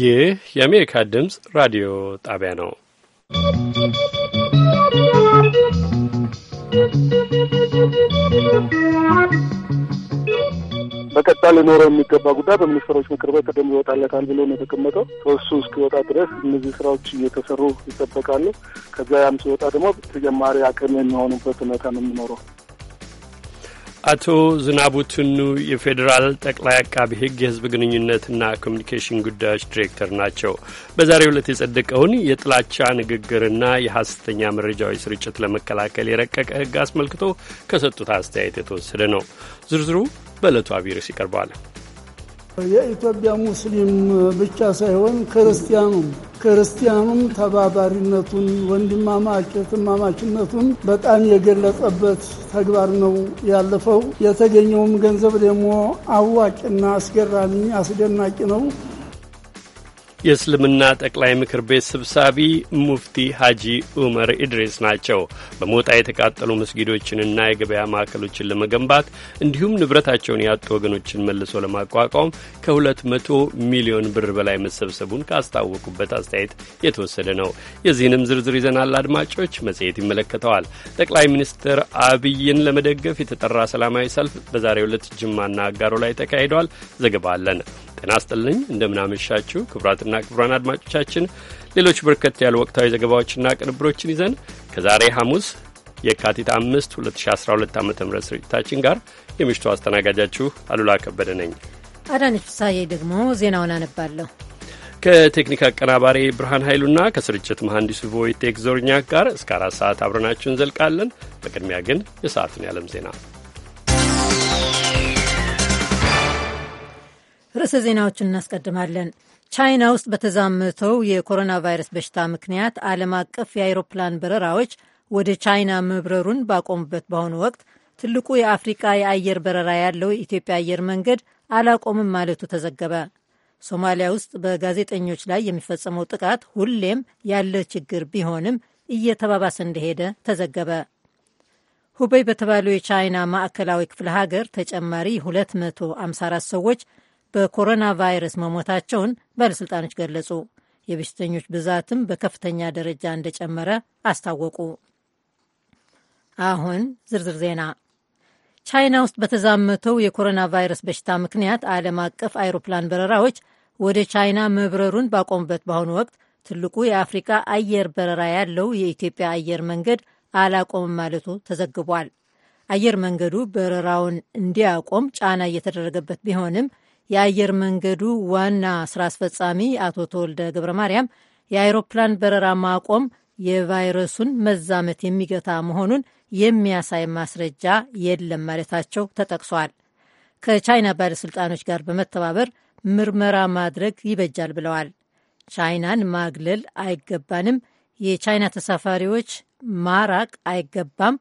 ይህ የአሜሪካ ድምፅ ራዲዮ ጣቢያ ነው። በቀጣይ ሊኖረው የሚገባ ጉዳይ በሚኒስትሮች ምክር ቤት ደንብ ይወጣለታል ብሎ ነው የተቀመጠው። እሱ እስኪወጣ ድረስ እነዚህ ስራዎች እየተሰሩ ይጠበቃሉ። ከዚያ ያም ሲወጣ ደግሞ ተጨማሪ አቅም የሚሆኑበት ሁኔታ ነው የሚኖረው። አቶ ዝናቡ ትኑ የፌዴራል ጠቅላይ አቃቢ ሕግ የሕዝብ ግንኙነትና ኮሚኒኬሽን ጉዳዮች ዲሬክተር ናቸው። በዛሬው ዕለት የጸደቀውን የጥላቻ ንግግርና የሐሰተኛ መረጃዎች ስርጭት ለመከላከል የረቀቀ ሕግ አስመልክቶ ከሰጡት አስተያየት የተወሰደ ነው። ዝርዝሩ በዕለቱ አቢርስ ይቀርበዋል። የኢትዮጵያ ሙስሊም ብቻ ሳይሆን ክርስቲያኑም ክርስቲያኑም ተባባሪነቱን ወንድማማች እህትማማችነቱን በጣም የገለጸበት ተግባር ነው ያለፈው። የተገኘውም ገንዘብ ደግሞ አዋጭና አስገራሚ አስደናቂ ነው። የእስልምና ጠቅላይ ምክር ቤት ሰብሳቢ ሙፍቲ ሀጂ ዑመር ኢድሪስ ናቸው። በሞጣ የተቃጠሉ መስጊዶችንና የገበያ ማዕከሎችን ለመገንባት እንዲሁም ንብረታቸውን ያጡ ወገኖችን መልሶ ለማቋቋም ከሁለት መቶ ሚሊዮን ብር በላይ መሰብሰቡን ካስታወቁበት አስተያየት የተወሰደ ነው። የዚህንም ዝርዝር ይዘናል አድማጮች፣ መጽሔት ይመለከተዋል። ጠቅላይ ሚኒስትር አብይን ለመደገፍ የተጠራ ሰላማዊ ሰልፍ በዛሬው ዕለት ጅማና አጋሮ ላይ ተካሂዷል። ዘገባ አለን። ጤና ይስጥልኝ። እንደምናመሻችሁ ክቡራትና ክቡራን አድማጮቻችን ሌሎች በርከት ያሉ ወቅታዊ ዘገባዎችና ቅንብሮችን ይዘን ከዛሬ ሐሙስ የካቲት አምስት 2012 ዓ ም ስርጭታችን ጋር የምሽቱ አስተናጋጃችሁ አሉላ ከበደ ነኝ። አዳነች ሳዬ ደግሞ ዜናውን አነባለሁ። ከቴክኒክ አቀናባሪ ብርሃን ኃይሉና ከስርጭት መሐንዲሱ ቮይቴክ ዞርኛክ ጋር እስከ አራት ሰዓት አብረናችሁ እንዘልቃለን። በቅድሚያ ግን የሰዓቱን ያለም ዜና ርዕሰ ዜናዎችን እናስቀድማለን። ቻይና ውስጥ በተዛመተው የኮሮና ቫይረስ በሽታ ምክንያት ዓለም አቀፍ የአይሮፕላን በረራዎች ወደ ቻይና መብረሩን ባቆሙበት በአሁኑ ወቅት ትልቁ የአፍሪቃ የአየር በረራ ያለው የኢትዮጵያ አየር መንገድ አላቆምም ማለቱ ተዘገበ። ሶማሊያ ውስጥ በጋዜጠኞች ላይ የሚፈጸመው ጥቃት ሁሌም ያለ ችግር ቢሆንም እየተባባሰ እንደሄደ ተዘገበ። ሁበይ በተባለው የቻይና ማዕከላዊ ክፍለ ሀገር ተጨማሪ 254 ሰዎች በኮሮና ቫይረስ መሞታቸውን ባለሥልጣኖች ገለጹ። የበሽተኞች ብዛትም በከፍተኛ ደረጃ እንደጨመረ አስታወቁ። አሁን ዝርዝር ዜና። ቻይና ውስጥ በተዛመተው የኮሮና ቫይረስ በሽታ ምክንያት ዓለም አቀፍ አይሮፕላን በረራዎች ወደ ቻይና መብረሩን ባቆሙበት በአሁኑ ወቅት ትልቁ የአፍሪካ አየር በረራ ያለው የኢትዮጵያ አየር መንገድ አላቆምም ማለቱ ተዘግቧል። አየር መንገዱ በረራውን እንዲያቆም ጫና እየተደረገበት ቢሆንም የአየር መንገዱ ዋና ስራ አስፈጻሚ አቶ ተወልደ ገብረ ማርያም የአይሮፕላን በረራ ማቆም የቫይረሱን መዛመት የሚገታ መሆኑን የሚያሳይ ማስረጃ የለም ማለታቸው ተጠቅሷል። ከቻይና ባለሥልጣኖች ጋር በመተባበር ምርመራ ማድረግ ይበጃል ብለዋል። ቻይናን ማግለል አይገባንም፣ የቻይና ተሳፋሪዎች ማራቅ አይገባም።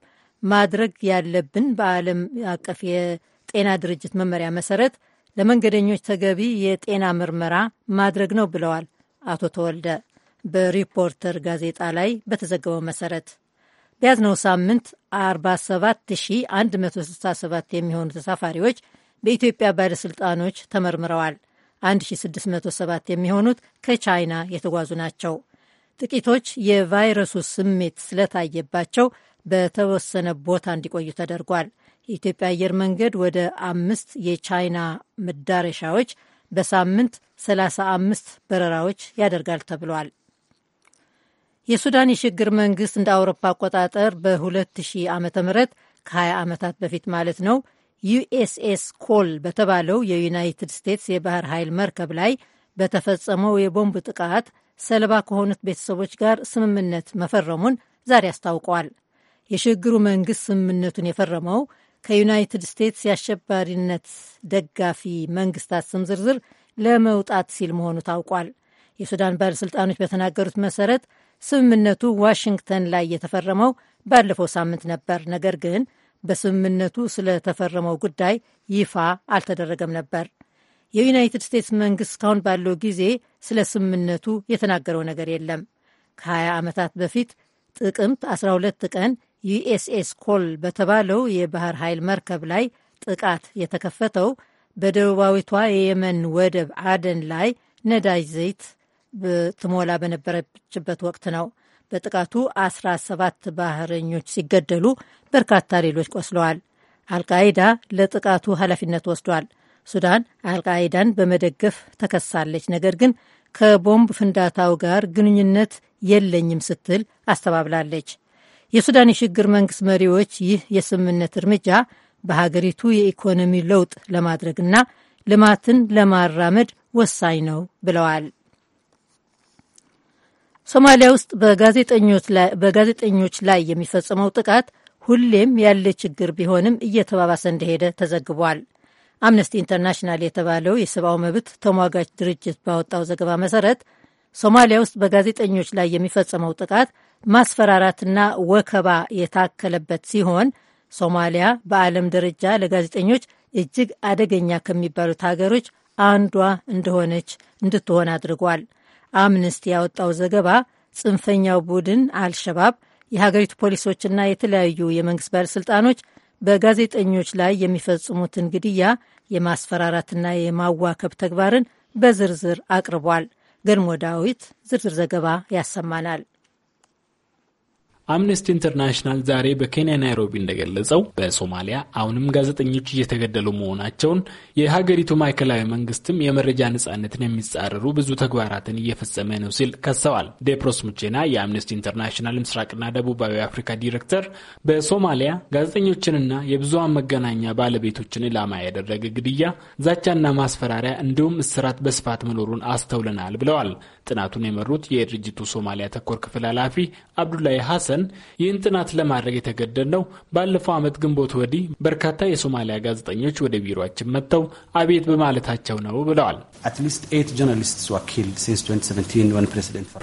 ማድረግ ያለብን በዓለም አቀፍ የጤና ድርጅት መመሪያ መሰረት ለመንገደኞች ተገቢ የጤና ምርመራ ማድረግ ነው ብለዋል አቶ ተወልደ በሪፖርተር ጋዜጣ ላይ በተዘገበው መሰረት በያዝነው ሳምንት 47167 የሚሆኑ ተሳፋሪዎች በኢትዮጵያ ባለሥልጣኖች ተመርምረዋል። 1607 የሚሆኑት ከቻይና የተጓዙ ናቸው። ጥቂቶች የቫይረሱ ስሜት ስለታየባቸው በተወሰነ ቦታ እንዲቆዩ ተደርጓል። የኢትዮጵያ አየር መንገድ ወደ አምስት የቻይና መዳረሻዎች በሳምንት 35 በረራዎች ያደርጋል ተብሏል። የሱዳን የሽግግር መንግስት እንደ አውሮፓ አቆጣጠር በ2000 ዓ ም ከ20 ዓመታት በፊት ማለት ነው ዩኤስኤስ ኮል በተባለው የዩናይትድ ስቴትስ የባህር ኃይል መርከብ ላይ በተፈጸመው የቦምብ ጥቃት ሰለባ ከሆኑት ቤተሰቦች ጋር ስምምነት መፈረሙን ዛሬ አስታውቋል። የሽግግሩ መንግስት ስምምነቱን የፈረመው ከዩናይትድ ስቴትስ የአሸባሪነት ደጋፊ መንግስታት ስም ዝርዝር ለመውጣት ሲል መሆኑ ታውቋል። የሱዳን ባለሥልጣኖች በተናገሩት መሰረት ስምምነቱ ዋሽንግተን ላይ የተፈረመው ባለፈው ሳምንት ነበር። ነገር ግን በስምምነቱ ስለተፈረመው ጉዳይ ይፋ አልተደረገም ነበር። የዩናይትድ ስቴትስ መንግስት እስካሁን ባለው ጊዜ ስለ ስምምነቱ የተናገረው ነገር የለም። ከ20 ዓመታት በፊት ጥቅምት 12 ቀን ዩኤስኤስ ኮል በተባለው የባህር ኃይል መርከብ ላይ ጥቃት የተከፈተው በደቡባዊቷ የየመን ወደብ አደን ላይ ነዳጅ ዘይት ትሞላ በነበረችበት ወቅት ነው። በጥቃቱ 17 ባህረኞች ሲገደሉ በርካታ ሌሎች ቆስለዋል። አልቃይዳ ለጥቃቱ ኃላፊነት ወስዷል። ሱዳን አልቃይዳን በመደገፍ ተከሳለች። ነገር ግን ከቦምብ ፍንዳታው ጋር ግንኙነት የለኝም ስትል አስተባብላለች። የሱዳን የሽግግር መንግስት መሪዎች ይህ የስምምነት እርምጃ በሀገሪቱ የኢኮኖሚ ለውጥ ለማድረግና ልማትን ለማራመድ ወሳኝ ነው ብለዋል። ሶማሊያ ውስጥ በጋዜጠኞች ላይ የሚፈጸመው ጥቃት ሁሌም ያለ ችግር ቢሆንም እየተባባሰ እንደሄደ ተዘግቧል። አምነስቲ ኢንተርናሽናል የተባለው የሰብአዊ መብት ተሟጋች ድርጅት ባወጣው ዘገባ መሰረት ሶማሊያ ውስጥ በጋዜጠኞች ላይ የሚፈጸመው ጥቃት ማስፈራራትና ወከባ የታከለበት ሲሆን ሶማሊያ በዓለም ደረጃ ለጋዜጠኞች እጅግ አደገኛ ከሚባሉት ሀገሮች አንዷ እንደሆነች እንድትሆን አድርጓል። አምነስቲ ያወጣው ዘገባ ጽንፈኛው ቡድን አልሸባብ የሀገሪቱ ፖሊሶችና የተለያዩ የመንግስት ባለሥልጣኖች በጋዜጠኞች ላይ የሚፈጽሙትን ግድያ፣ የማስፈራራትና የማዋከብ ተግባርን በዝርዝር አቅርቧል። ገልሞ ዳዊት ዝርዝር ዘገባ ያሰማናል። አምነስቲ ኢንተርናሽናል ዛሬ በኬንያ ናይሮቢ እንደገለጸው በሶማሊያ አሁንም ጋዜጠኞች እየተገደሉ መሆናቸውን፣ የሀገሪቱ ማዕከላዊ መንግስትም የመረጃ ነጻነትን የሚጻረሩ ብዙ ተግባራትን እየፈጸመ ነው ሲል ከሰዋል። ዴፕሮስ ሙቼና የአምነስቲ ኢንተርናሽናል ምስራቅና ደቡባዊ አፍሪካ ዲሬክተር በሶማሊያ ጋዜጠኞችንና የብዙሃን መገናኛ ባለቤቶችን ኢላማ ያደረገ ግድያ፣ ዛቻና ማስፈራሪያ እንዲሁም እስራት በስፋት መኖሩን አስተውለናል ብለዋል። ጥናቱን የመሩት የድርጅቱ ሶማሊያ ተኮር ክፍል ኃላፊ አብዱላይ ሐሰን ገልጸን ይህን ጥናት ለማድረግ ነው። ባለፈው ዓመት ግንቦት ወዲህ በርካታ የሶማሊያ ጋዜጠኞች ወደ ቢሮችን መጥተው አቤት በማለታቸው ነው ብለዋል።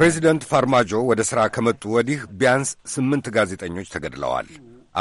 ፕሬዚደንት ፋርማጆ ወደ ስራ ከመጡ ወዲህ ቢያንስ ስምንት ጋዜጠኞች ተገድለዋል።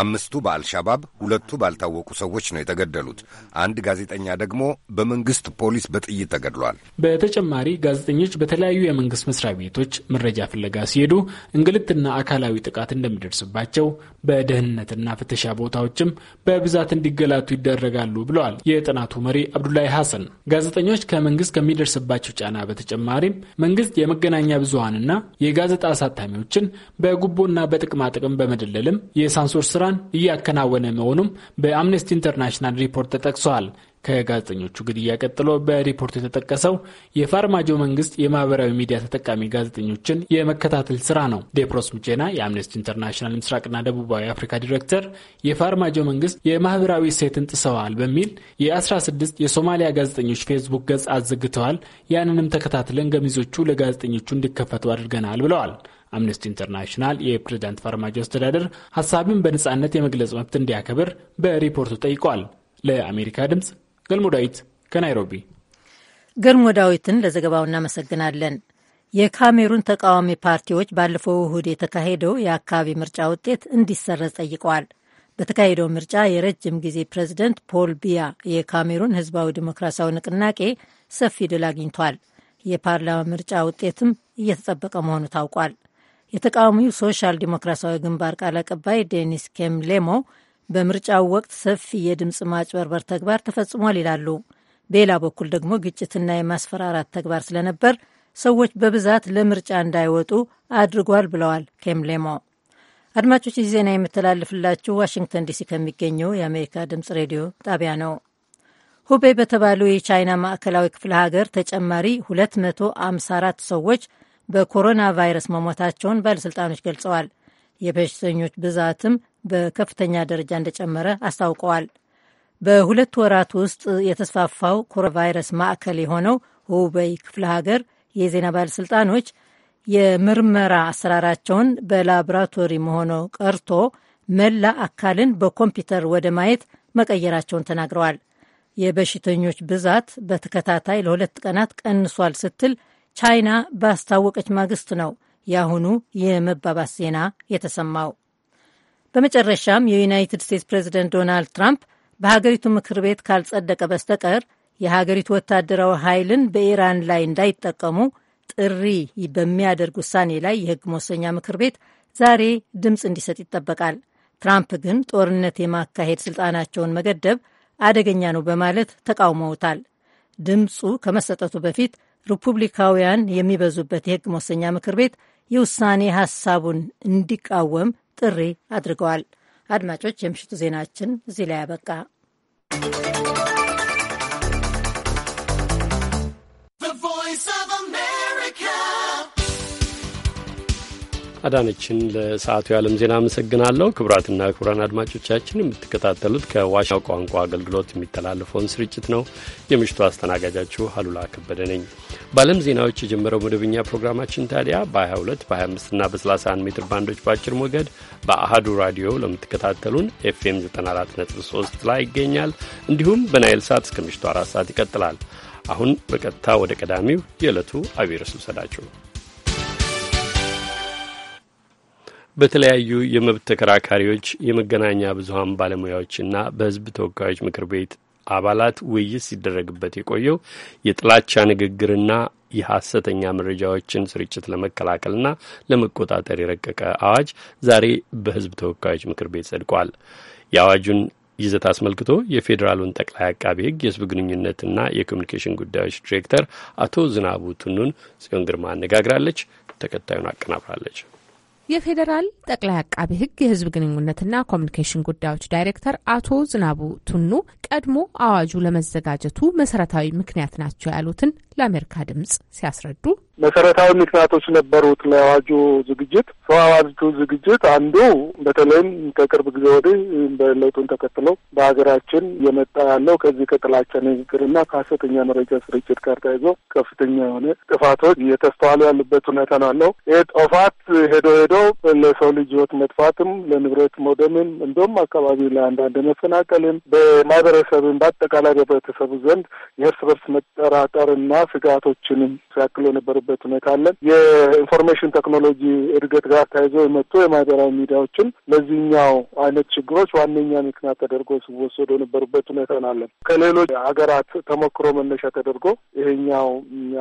አምስቱ በአልሻባብ ሁለቱ ባልታወቁ ሰዎች ነው የተገደሉት። አንድ ጋዜጠኛ ደግሞ በመንግስት ፖሊስ በጥይት ተገድሏል። በተጨማሪ ጋዜጠኞች በተለያዩ የመንግስት መስሪያ ቤቶች መረጃ ፍለጋ ሲሄዱ እንግልትና አካላዊ ጥቃት እንደሚደርስባቸው፣ በደህንነትና ፍተሻ ቦታዎችም በብዛት እንዲገላቱ ይደረጋሉ ብለዋል የጥናቱ መሪ አብዱላይ ሐሰን። ጋዜጠኞች ከመንግስት ከሚደርስባቸው ጫና በተጨማሪም መንግስት የመገናኛ ብዙሀንና የጋዜጣ አሳታሚዎችን በጉቦና በጥቅማጥቅም በመደለልም የሳንሶር ስራ ምሁራን እያከናወነ መሆኑም በአምነስቲ ኢንተርናሽናል ሪፖርት ተጠቅሷል። ከጋዜጠኞቹ ግድያ ቀጥሎ በሪፖርቱ የተጠቀሰው የፋርማጆ መንግስት የማህበራዊ ሚዲያ ተጠቃሚ ጋዜጠኞችን የመከታተል ስራ ነው። ዴፕሮስ ሙቼና የአምነስቲ ኢንተርናሽናል ምስራቅና ደቡባዊ አፍሪካ ዲሬክተር የፋርማጆ መንግስት የማህበራዊ እሴትን ጥሰዋል በሚል የ16 የሶማሊያ ጋዜጠኞች ፌስቡክ ገጽ አዘግተዋል። ያንንም ተከታትለን ገሚዞቹ ለጋዜጠኞቹ እንዲከፈቱ አድርገናል ብለዋል። አምነስቲ ኢንተርናሽናል የፕሬዝዳንት ፋርማጆ አስተዳደር ሀሳብን በነጻነት የመግለጽ መብት እንዲያከብር በሪፖርቱ ጠይቋል። ለአሜሪካ ድምፅ ገልሞ ዳዊት ከናይሮቢ። ገልሞ ዳዊትን ለዘገባው እናመሰግናለን። የካሜሩን ተቃዋሚ ፓርቲዎች ባለፈው እሁድ የተካሄደው የአካባቢ ምርጫ ውጤት እንዲሰረዝ ጠይቀዋል። በተካሄደው ምርጫ የረጅም ጊዜ ፕሬዚደንት ፖል ቢያ የካሜሩን ህዝባዊ ዲሞክራሲያዊ ንቅናቄ ሰፊ ድል አግኝቷል። የፓርላማ ምርጫ ውጤትም እየተጠበቀ መሆኑ ታውቋል። የተቃዋሚው ሶሻል ዲሞክራሲያዊ ግንባር ቃል አቀባይ ዴኒስ ኬምሌሞ በምርጫው ወቅት ሰፊ የድምፅ ማጭበርበር ተግባር ተፈጽሟል ይላሉ። በሌላ በኩል ደግሞ ግጭትና የማስፈራራት ተግባር ስለነበር ሰዎች በብዛት ለምርጫ እንዳይወጡ አድርጓል ብለዋል ኬምሌሞ። አድማጮች ይህ ዜና የምተላልፍላችሁ ዋሽንግተን ዲሲ ከሚገኘው የአሜሪካ ድምፅ ሬዲዮ ጣቢያ ነው። ሁቤ በተባለው የቻይና ማዕከላዊ ክፍለ ሀገር ተጨማሪ 254 ሰዎች በኮሮና ቫይረስ መሞታቸውን ባለሥልጣኖች ገልጸዋል። የበሽተኞች ብዛትም በከፍተኛ ደረጃ እንደጨመረ አስታውቀዋል። በሁለት ወራት ውስጥ የተስፋፋው ኮሮና ቫይረስ ማዕከል የሆነው ሁበይ ክፍለ ሀገር የዜና ባለሥልጣኖች የምርመራ አሰራራቸውን በላቦራቶሪ መሆኑ ቀርቶ መላ አካልን በኮምፒውተር ወደ ማየት መቀየራቸውን ተናግረዋል። የበሽተኞች ብዛት በተከታታይ ለሁለት ቀናት ቀንሷል ስትል ቻይና ባስታወቀች ማግስት ነው የአሁኑ የመባባስ ዜና የተሰማው። በመጨረሻም የዩናይትድ ስቴትስ ፕሬዚደንት ዶናልድ ትራምፕ በሀገሪቱ ምክር ቤት ካልጸደቀ በስተቀር የሀገሪቱ ወታደራዊ ኃይልን በኢራን ላይ እንዳይጠቀሙ ጥሪ በሚያደርግ ውሳኔ ላይ የሕግ መወሰኛ ምክር ቤት ዛሬ ድምፅ እንዲሰጥ ይጠበቃል። ትራምፕ ግን ጦርነት የማካሄድ ስልጣናቸውን መገደብ አደገኛ ነው በማለት ተቃውመውታል። ድምፁ ከመሰጠቱ በፊት ሪፑብሊካውያን የሚበዙበት የሕግ መወሰኛ ምክር ቤት የውሳኔ ሀሳቡን እንዲቃወም ጥሪ አድርገዋል። አድማጮች፣ የምሽቱ ዜናችን እዚህ ላይ አበቃ? አዳነችን ለሰዓቱ የዓለም ዜና አመሰግናለሁ። ክቡራትና ክቡራን አድማጮቻችን የምትከታተሉት ከዋሻው ቋንቋ አገልግሎት የሚተላለፈውን ስርጭት ነው። የምሽቱ አስተናጋጃችሁ አሉላ ከበደ ነኝ። በዓለም ዜናዎች የጀመረው መደበኛ ፕሮግራማችን ታዲያ በ22 በ25ና በ31 ሜትር ባንዶች በአጭር ሞገድ በአሃዱ ራዲዮ ለምትከታተሉን ኤፍኤም 94.3 ላይ ይገኛል። እንዲሁም በናይል ሳት እስከ ምሽቱ አራት ሰዓት ይቀጥላል። አሁን በቀጥታ ወደ ቀዳሚው የዕለቱ አብይ ርዕስ ውሰዳችሁ በተለያዩ የመብት ተከራካሪዎች፣ የመገናኛ ብዙሀን ባለሙያዎችና በህዝብ ተወካዮች ምክር ቤት አባላት ውይይት ሲደረግበት የቆየው የጥላቻ ንግግርና የሐሰተኛ መረጃዎችን ስርጭት ለመከላከልና ለመቆጣጠር የረቀቀ አዋጅ ዛሬ በህዝብ ተወካዮች ምክር ቤት ጸድቋል። የአዋጁን ይዘት አስመልክቶ የፌዴራሉን ጠቅላይ አቃቢ ህግ የህዝብ ግንኙነትና የኮሚኒኬሽን ጉዳዮች ዲሬክተር አቶ ዝናቡ ቱኑን ጽዮን ግርማ አነጋግራለች። ተከታዩን አቀናብራለች። የፌዴራል ጠቅላይ አቃቢ ሕግ የህዝብ ግንኙነትና ኮሚኒኬሽን ጉዳዮች ዳይሬክተር አቶ ዝናቡ ቱኑ ቀድሞ አዋጁ ለመዘጋጀቱ መሰረታዊ ምክንያት ናቸው ያሉትን ለአሜሪካ ድምጽ ሲያስረዱ መሰረታዊ ምክንያቶች ነበሩት ለአዋጁ ዝግጅት። አዋጁ ዝግጅት አንዱ በተለይም ከቅርብ ጊዜ ወዲህ በለውጡን ተከትሎ በሀገራችን የመጣ ያለው ከዚህ ከጥላቻ ንግግርና ከሀሰተኛ መረጃ ስርጭት ጋር ተያይዞ ከፍተኛ የሆነ ጥፋቶች እየተስተዋሉ ያሉበት ሁኔታ ነው ያለው። ይህ ጥፋት ሄዶ ሄዶ ለሰው ልጅ ህይወት መጥፋትም ለንብረት መውደምም እንዲሁም አካባቢ ለአንዳንድ መፈናቀልም በማህበረሰብም በአጠቃላይ በህብረተሰቡ ዘንድ የእርስ በርስ መጠራጠርና ስጋቶችንም ሲያክሎ ነበሩ ያለበት ሁኔታ አለን። የኢንፎርሜሽን ቴክኖሎጂ እድገት ጋር ተያይዞ የመጡ የማህበራዊ ሚዲያዎችን ለዚህኛው አይነት ችግሮች ዋነኛ ምክንያት ተደርጎ ሲወሰዱ የነበሩበት ሁኔታ አለን። ከሌሎች ሀገራት ተሞክሮ መነሻ ተደርጎ ይሄኛው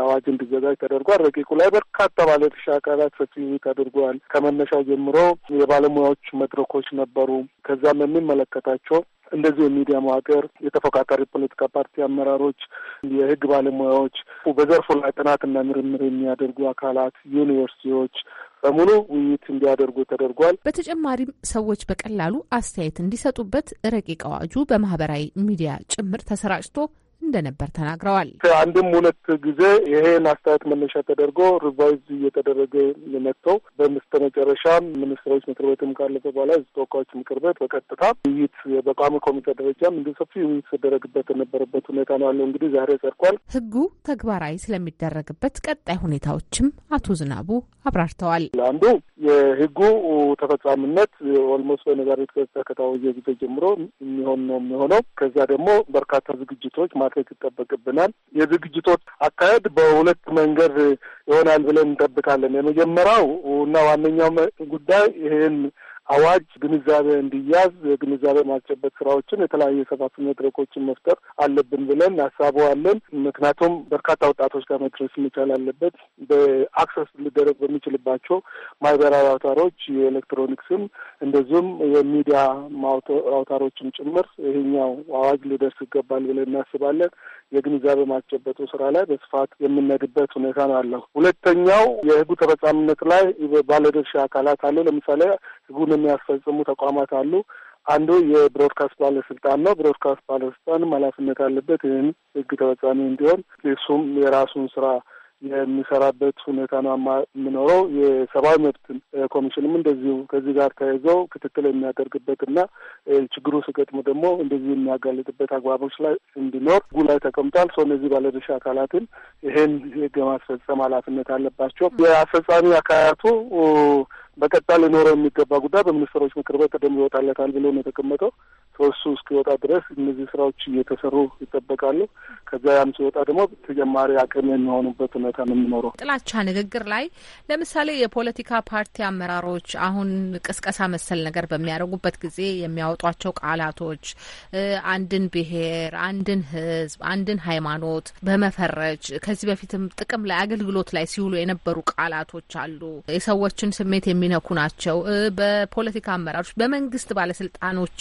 አዋጅ እንዲዘጋጅ ተደርጓል። ረቂቁ ላይ በርካታ ባለድርሻ አካላት ሰፊ ተደርጓል። ከመነሻው ጀምሮ የባለሙያዎች መድረኮች ነበሩ። ከዛም የሚመለከታቸው እንደዚሁ የሚዲያ መዋቅር፣ የተፎካካሪ ፖለቲካ ፓርቲ አመራሮች፣ የህግ ባለሙያዎች፣ በዘርፉ ላይ ጥናትና ምርምር የሚያደርጉ አካላት፣ ዩኒቨርሲቲዎች በሙሉ ውይይት እንዲያደርጉ ተደርጓል። በተጨማሪም ሰዎች በቀላሉ አስተያየት እንዲሰጡበት ረቂቅ አዋጁ በማህበራዊ ሚዲያ ጭምር ተሰራጭቶ እንደነበር ተናግረዋል። ከአንድም ሁለት ጊዜ ይሄን አስተያየት መነሻ ተደርጎ ሪቫይዝ እየተደረገ የመጥተው በመጨረሻ ሚኒስትሮች ምክር ቤትም ካለፈ በኋላ ህዝብ ተወካዮች ምክር ቤት በቀጥታ ውይይት በቋሚ ኮሚቴ ደረጃም እንዲ ሰፊ ውይይት ሲደረግበት የነበረበት ሁኔታ ነው ያለው። እንግዲህ ዛሬ ጸድቋል። ህጉ ተግባራዊ ስለሚደረግበት ቀጣይ ሁኔታዎችም አቶ ዝናቡ አብራርተዋል። አንዱ የህጉ ተፈጻሚነት ኦልሞስት በነጋሪት ከታወጀ ጊዜ ጀምሮ የሚሆን ነው የሚሆነው። ከዛ ደግሞ በርካታ ዝግጅቶች ማበርከት ይጠበቅብናል። የዝግጅቶች አካሄድ በሁለት መንገድ ይሆናል ብለን እንጠብቃለን። የመጀመሪያው እና ዋነኛው ጉዳይ ይህን አዋጅ ግንዛቤ እንዲያዝ ግንዛቤ ማስጨበጥ ስራዎችን የተለያዩ የሰፋት መድረኮችን መፍጠር አለብን ብለን እናሳበዋለን ምክንያቱም በርካታ ወጣቶች ጋር መድረስ መቻል አለበት። በአክሰስ ሊደረግ በሚችልባቸው ማህበራዊ አውታሮች የኤሌክትሮኒክስም እንደዚሁም የሚዲያ አውታሮችም ጭምር ይሄኛው አዋጅ ሊደርስ ይገባል ብለን እናስባለን። የግንዛቤ ማስጨበጡ ስራ ላይ በስፋት የምነግበት ሁኔታ ነው ያለው። ሁለተኛው የህጉ ተፈጻሚነት ላይ ባለድርሻ አካላት አለ ለምሳሌ ህጉን የሚያስፈጽሙ ተቋማት አሉ። አንዱ የብሮድካስት ባለስልጣን ነው። ብሮድካስት ባለስልጣንም ኃላፊነት አለበት ይህን ህግ ተፈጻሚ እንዲሆን እሱም የራሱን ስራ የሚሰራበት ሁኔታ ነው የምኖረው። የሰብአዊ መብት ኮሚሽንም እንደዚሁ ከዚህ ጋር ተያይዘው ክትትል የሚያደርግበትና ችግሩ ስገጥሞ ደግሞ እንደዚህ የሚያጋልጥበት አግባቦች ላይ እንዲኖር ጉ ላይ ተቀምጧል። ሰው እነዚህ ባለድርሻ አካላትን ይሄን ህግ የማስፈጸም ኃላፊነት አለባቸው። የአስፈጻሚ አካላቱ በቀጣ ሊኖረው የሚገባ ጉዳይ በሚኒስትሮች ምክር ቤት ቀደም ይወጣለታል ብሎ ነው የተቀመጠው። ሶስቱ እስኪወጣ ድረስ እነዚህ ስራዎች እየተሰሩ ይጠበቃሉ። ከዚያ ያም ሲወጣ ደግሞ ተጨማሪ አቅም የሚሆኑበት ሁኔታ ነው የሚኖረው። ጥላቻ ንግግር ላይ ለምሳሌ የፖለቲካ ፓርቲ አመራሮች አሁን ቅስቀሳ መሰል ነገር በሚያደርጉበት ጊዜ የሚያወጧቸው ቃላቶች አንድን ብሔር፣ አንድን ህዝብ፣ አንድን ሃይማኖት በመፈረጅ ከዚህ በፊትም ጥቅም ላይ አገልግሎት ላይ ሲውሉ የነበሩ ቃላቶች አሉ የሰዎችን ስሜት የሚ የሚነኩ ናቸው። በፖለቲካ አመራሮች፣ በመንግስት ባለስልጣኖች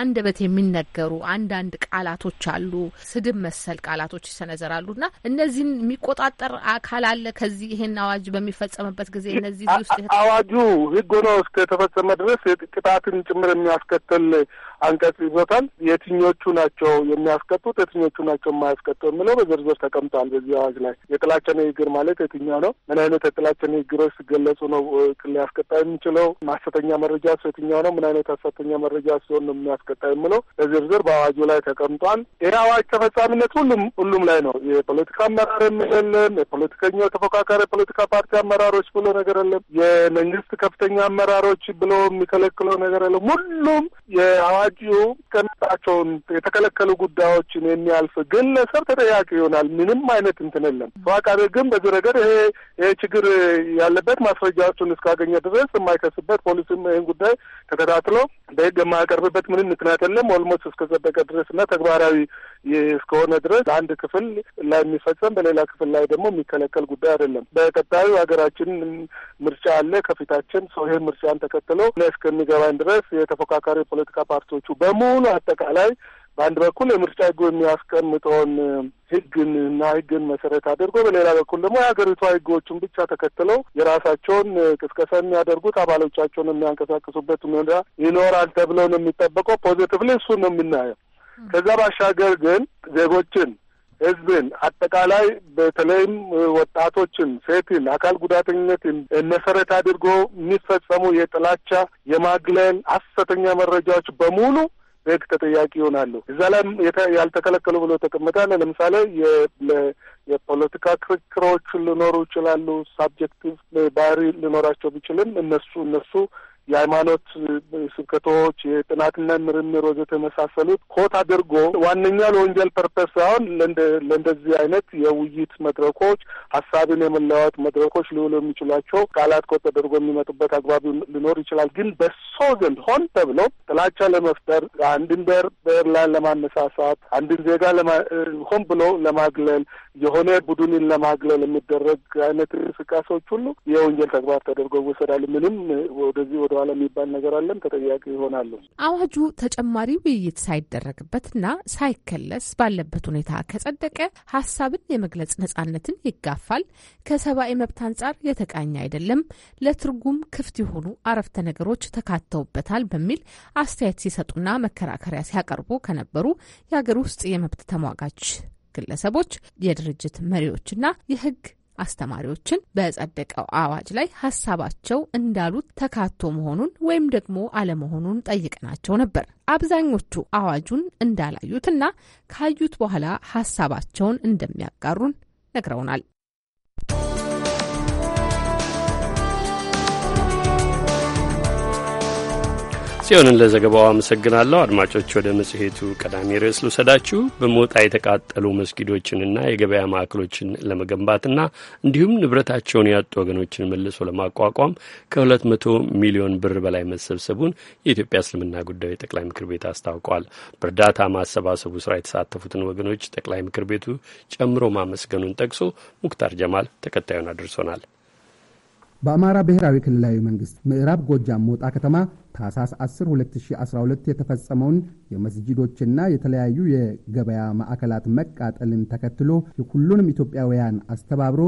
አንደበት የሚነገሩ አንዳንድ ቃላቶች አሉ። ስድብ መሰል ቃላቶች ይሰነዘራሉ እና እነዚህን የሚቆጣጠር አካል አለ። ከዚህ ይሄን አዋጅ በሚፈጸምበት ጊዜ እነዚህ ውስጥ አዋጁ ህግ ሆኖ እስከተፈጸመ ድረስ ቅጣትን ጭምር የሚያስከትል አንቀጽ ይዞታል። የትኞቹ ናቸው የሚያስቀጡት፣ የትኞቹ ናቸው የማያስቀጡ የሚለው በዝርዝር ተቀምጧል በዚህ አዋጅ ላይ። የጥላቻ ንግግር ማለት የትኛው ነው፣ ምን አይነት የጥላቻ ንግግሮች ሲገለጹ ነው ሊያስቀጣ የሚችለው፣ ማሰተኛ መረጃ የትኛው ነው፣ ምን አይነት ሀሰተኛ መረጃ ሲሆን ነው የሚያስቀጣ የሚለው በዝርዝር በአዋጁ ላይ ተቀምጧል። ይህ አዋጅ ተፈጻሚነት ሁሉም ሁሉም ላይ ነው። የፖለቲካ አመራር የለም፣ የፖለቲከኛው ተፎካካሪ የፖለቲካ ፓርቲ አመራሮች ብሎ ነገር የለም፣ የመንግስት ከፍተኛ አመራሮች ብሎ የሚከለክለው ነገር የለም። ሁሉም የአዋጅ ተጠያቂው ከመጣቸውን የተከለከሉ ጉዳዮችን የሚያልፍ ግለሰብ ተጠያቂ ይሆናል። ምንም አይነት እንትን የለም። ግን በዚህ ረገድ ይሄ ይሄ ችግር ያለበት ማስረጃዎቹን እስካገኘ ድረስ የማይከስበት ፖሊስም ይህን ጉዳይ ተከታትሎ በህግ የማያቀርብበት ምንም ምክንያት የለም። ኦልሞስት እስከጸደቀ ድረስ እና ተግባራዊ እስከሆነ ድረስ አንድ ክፍል ላይ የሚፈጸም በሌላ ክፍል ላይ ደግሞ የሚከለከል ጉዳይ አይደለም። በቀጣዩ ሀገራችን ምርጫ አለ ከፊታችን። ሰው ይህን ምርጫን ተከትለው እስከሚገባኝ ድረስ የተፎካካሪ የፖለቲካ ፓርቲዎቹ በሙሉ አጠቃላይ በአንድ በኩል የምርጫ ህጉ የሚያስቀምጠውን ህግን እና ህግን መሰረት አድርጎ በሌላ በኩል ደግሞ የሀገሪቷ ህጎቹን ብቻ ተከትለው የራሳቸውን ቅስቀሳ የሚያደርጉት አባሎቻቸውን የሚያንቀሳቅሱበት ሁኔታ ይኖራል ተብሎ ነው የሚጠበቀው። ፖዚቲቭሊ እሱን ነው የምናየው። ከዛ ባሻገር ግን ዜጎችን ህዝብን አጠቃላይ በተለይም ወጣቶችን፣ ሴትን፣ አካል ጉዳተኝነትን መሰረት አድርጎ የሚፈጸሙ የጥላቻ የማግለል ሐሰተኛ መረጃዎች በሙሉ በህግ ተጠያቂ ይሆናሉ። እዛ ላይ ያልተከለከሉ ብሎ ተቀምጣለ። ለምሳሌ የፖለቲካ ክርክሮች ሊኖሩ ይችላሉ። ሳብጀክቲቭ ባህሪ ሊኖራቸው ቢችልም እነሱ እነሱ የሃይማኖት ስብከቶች፣ የጥናትና ምርምር ወዘተ የመሳሰሉት ኮት አድርጎ ዋነኛ ለወንጀል ፐርፐስ ሳይሆን ለእንደዚህ አይነት የውይይት መድረኮች፣ ሀሳብን የመለዋወጥ መድረኮች ሊውሉ የሚችሏቸው ቃላት ኮት ተደርጎ የሚመጡበት አግባብ ሊኖር ይችላል። ግን በሶ ዘንድ ሆን ተብሎ ጥላቻ ለመፍጠር አንድን ብሔር ብሔር ላይ ለማነሳሳት፣ አንድን ዜጋ ሆን ብሎ ለማግለል፣ የሆነ ቡድንን ለማግለል የሚደረግ አይነት እንቅስቃሴዎች ሁሉ የወንጀል ተግባር ተደርጎ ይወሰዳል። ምንም ወደዚህ ወደ ወደኋላ የሚባል ነገር አለን ተጠያቂ ይሆናሉ። አዋጁ ተጨማሪ ውይይት ሳይደረግበትና ሳይከለስ ባለበት ሁኔታ ከጸደቀ ሀሳብን የመግለጽ ነጻነትን ይጋፋል፣ ከሰብአዊ መብት አንጻር የተቃኘ አይደለም፣ ለትርጉም ክፍት የሆኑ አረፍተ ነገሮች ተካተውበታል በሚል አስተያየት ሲሰጡና መከራከሪያ ሲያቀርቡ ከነበሩ የሀገር ውስጥ የመብት ተሟጋች ግለሰቦች፣ የድርጅት መሪዎችና የህግ አስተማሪዎችን በጸደቀው አዋጅ ላይ ሀሳባቸው እንዳሉት ተካቶ መሆኑን ወይም ደግሞ አለመሆኑን ጠይቀናቸው ነበር። አብዛኞቹ አዋጁን እንዳላዩትና ካዩት በኋላ ሀሳባቸውን እንደሚያጋሩን ነግረውናል። ጽዮንን ለዘገባው አመሰግናለሁ። አድማጮች ወደ መጽሔቱ ቀዳሚ ርዕስ ልውሰዳችሁ። በሞጣ የተቃጠሉ መስጊዶችንና የገበያ ማዕከሎችን ለመገንባትና እንዲሁም ንብረታቸውን ያጡ ወገኖችን መልሶ ለማቋቋም ከ200 ሚሊዮን ብር በላይ መሰብሰቡን የኢትዮጵያ እስልምና ጉዳዮች ጠቅላይ ምክር ቤት አስታውቋል። በእርዳታ ማሰባሰቡ ስራ የተሳተፉትን ወገኖች ጠቅላይ ምክር ቤቱ ጨምሮ ማመስገኑን ጠቅሶ ሙክታር ጀማል ተከታዩን አድርሶናል። በአማራ ብሔራዊ ክልላዊ መንግስት ምዕራብ ጎጃም ሞጣ ከተማ ታህሳስ 10 2012 የተፈጸመውን የመስጂዶችና የተለያዩ የገበያ ማዕከላት መቃጠልን ተከትሎ የሁሉንም ኢትዮጵያውያን አስተባብሮ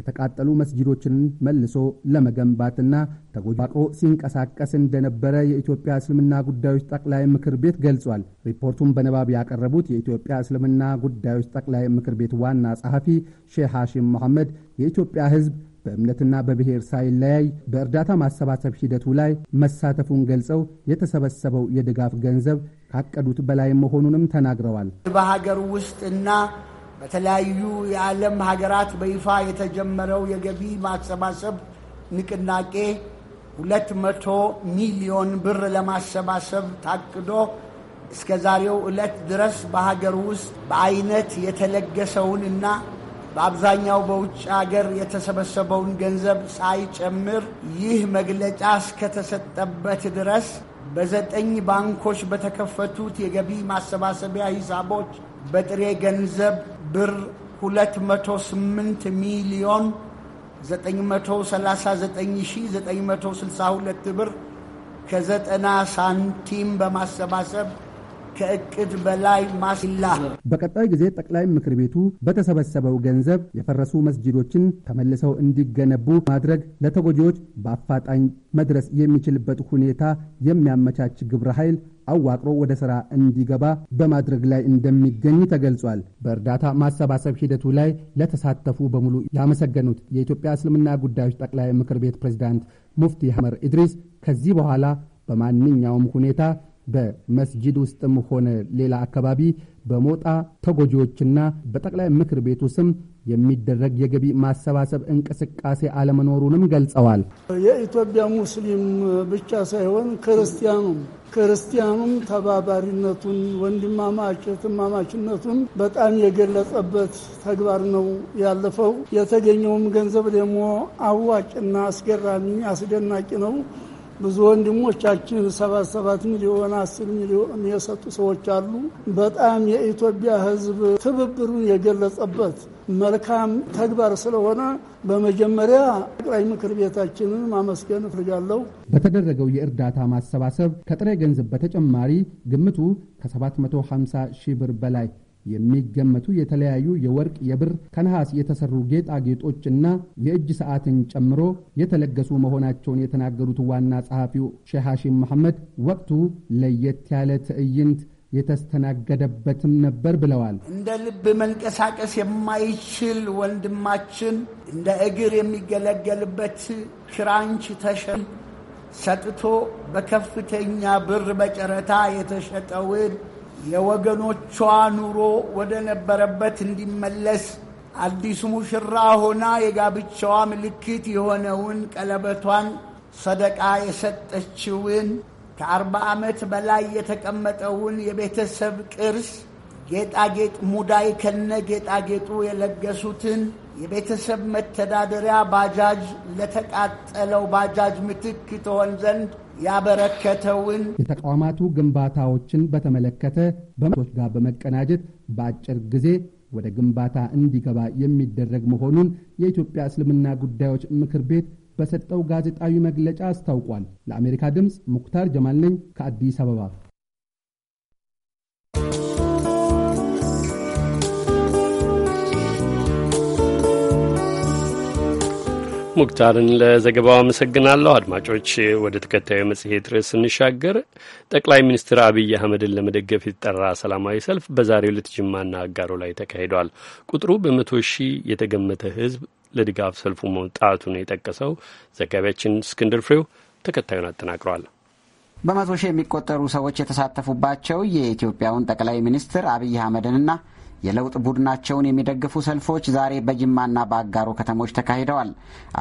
የተቃጠሉ መስጂዶችን መልሶ ለመገንባትና ተጎባቅሮ ሲንቀሳቀስ እንደነበረ የኢትዮጵያ እስልምና ጉዳዮች ጠቅላይ ምክር ቤት ገልጿል። ሪፖርቱን በንባብ ያቀረቡት የኢትዮጵያ እስልምና ጉዳዮች ጠቅላይ ምክር ቤት ዋና ጸሐፊ ሼህ ሐሺም መሐመድ የኢትዮጵያ ሕዝብ በእምነትና በብሔር ሳይለያይ በእርዳታ ማሰባሰብ ሂደቱ ላይ መሳተፉን ገልጸው የተሰበሰበው የድጋፍ ገንዘብ ካቀዱት በላይ መሆኑንም ተናግረዋል። በሀገር ውስጥ እና በተለያዩ የዓለም ሀገራት በይፋ የተጀመረው የገቢ ማሰባሰብ ንቅናቄ ሁለት መቶ ሚሊዮን ብር ለማሰባሰብ ታቅዶ እስከ ዛሬው ዕለት ድረስ በሀገር ውስጥ በአይነት የተለገሰውንና በአብዛኛው በውጭ አገር የተሰበሰበውን ገንዘብ ሳይጨምር ይህ መግለጫ እስከተሰጠበት ድረስ በዘጠኝ ባንኮች በተከፈቱት የገቢ ማሰባሰቢያ ሂሳቦች በጥሬ ገንዘብ ብር 208 ሚሊዮን 939962 ብር ከ ከዘጠና ሳንቲም በማሰባሰብ ከእቅድ በላይ ማሽላ። በቀጣይ ጊዜ ጠቅላይ ምክር ቤቱ በተሰበሰበው ገንዘብ የፈረሱ መስጂዶችን ተመልሰው እንዲገነቡ ማድረግ ለተጎጂዎች በአፋጣኝ መድረስ የሚችልበት ሁኔታ የሚያመቻች ግብረ ኃይል አዋቅሮ ወደ ሥራ እንዲገባ በማድረግ ላይ እንደሚገኝ ተገልጿል። በእርዳታ ማሰባሰብ ሂደቱ ላይ ለተሳተፉ በሙሉ ያመሰገኑት የኢትዮጵያ እስልምና ጉዳዮች ጠቅላይ ምክር ቤት ፕሬዝዳንት ሙፍቲ ሐመር ኢድሪስ ከዚህ በኋላ በማንኛውም ሁኔታ በመስጂድ ውስጥም ሆነ ሌላ አካባቢ በሞጣ ተጎጂዎችና በጠቅላይ ምክር ቤቱ ስም የሚደረግ የገቢ ማሰባሰብ እንቅስቃሴ አለመኖሩንም ገልጸዋል። የኢትዮጵያ ሙስሊም ብቻ ሳይሆን ክርስቲያኑም ክርስቲያኑም ተባባሪነቱን ወንድማማች እህትማማችነቱን በጣም የገለጸበት ተግባር ነው ያለፈው። የተገኘውም ገንዘብ ደግሞ አዋጭና አስገራሚ አስደናቂ ነው። ብዙ ወንድሞቻችን ሰባት ሰባት ሚሊዮን አስር ሚሊዮን የሰጡ ሰዎች አሉ። በጣም የኢትዮጵያ ሕዝብ ትብብሩን የገለጸበት መልካም ተግባር ስለሆነ በመጀመሪያ ጠቅላይ ምክር ቤታችንን ማመስገን እፈልጋለሁ። በተደረገው የእርዳታ ማሰባሰብ ከጥሬ ገንዘብ በተጨማሪ ግምቱ ከ750 ሺህ ብር በላይ የሚገመቱ የተለያዩ የወርቅ፣ የብር፣ ከነሐስ የተሰሩ ጌጣጌጦች እና የእጅ ሰዓትን ጨምሮ የተለገሱ መሆናቸውን የተናገሩት ዋና ጸሐፊው ሼህ ሐሺም መሐመድ ወቅቱ ለየት ያለ ትዕይንት የተስተናገደበትም ነበር ብለዋል። እንደ ልብ መንቀሳቀስ የማይችል ወንድማችን እንደ እግር የሚገለገልበት ክራንች ተሸ- ሰጥቶ በከፍተኛ ብር በጨረታ የተሸጠውን የወገኖቿ ኑሮ ወደ ነበረበት እንዲመለስ አዲሱ ሙሽራ ሆና የጋብቻዋ ምልክት የሆነውን ቀለበቷን ሰደቃ የሰጠችውን ከአርባ ዓመት በላይ የተቀመጠውን የቤተሰብ ቅርስ ጌጣጌጥ ሙዳይ ከነ ጌጣጌጡ የለገሱትን የቤተሰብ መተዳደሪያ ባጃጅ ለተቃጠለው ባጃጅ ምትክ ትሆን ዘንድ ያበረከተውን የተቋማቱ ግንባታዎችን በተመለከተ በመቶች ጋር በመቀናጀት በአጭር ጊዜ ወደ ግንባታ እንዲገባ የሚደረግ መሆኑን የኢትዮጵያ እስልምና ጉዳዮች ምክር ቤት በሰጠው ጋዜጣዊ መግለጫ አስታውቋል። ለአሜሪካ ድምፅ ሙክታር ጀማል ነኝ ከአዲስ አበባ። ሙክታርን ለዘገባው አመሰግናለሁ። አድማጮች ወደ ተከታዩ መጽሔት ርዕስ ስንሻገር ጠቅላይ ሚኒስትር አብይ አህመድን ለመደገፍ የተጠራ ሰላማዊ ሰልፍ በዛሬው ዕለት ጅማና አጋሮ ላይ ተካሂዷል። ቁጥሩ በመቶ ሺህ የተገመተ ህዝብ ለድጋፍ ሰልፉ መውጣቱን የጠቀሰው ዘጋቢያችን እስክንድር ፍሬው ተከታዩን አጠናቅሯል። በመቶ ሺህ የሚቆጠሩ ሰዎች የተሳተፉባቸው የኢትዮጵያውን ጠቅላይ ሚኒስትር አብይ አህመድንና የለውጥ ቡድናቸውን የሚደግፉ ሰልፎች ዛሬ በጅማና በአጋሮ ከተሞች ተካሂደዋል።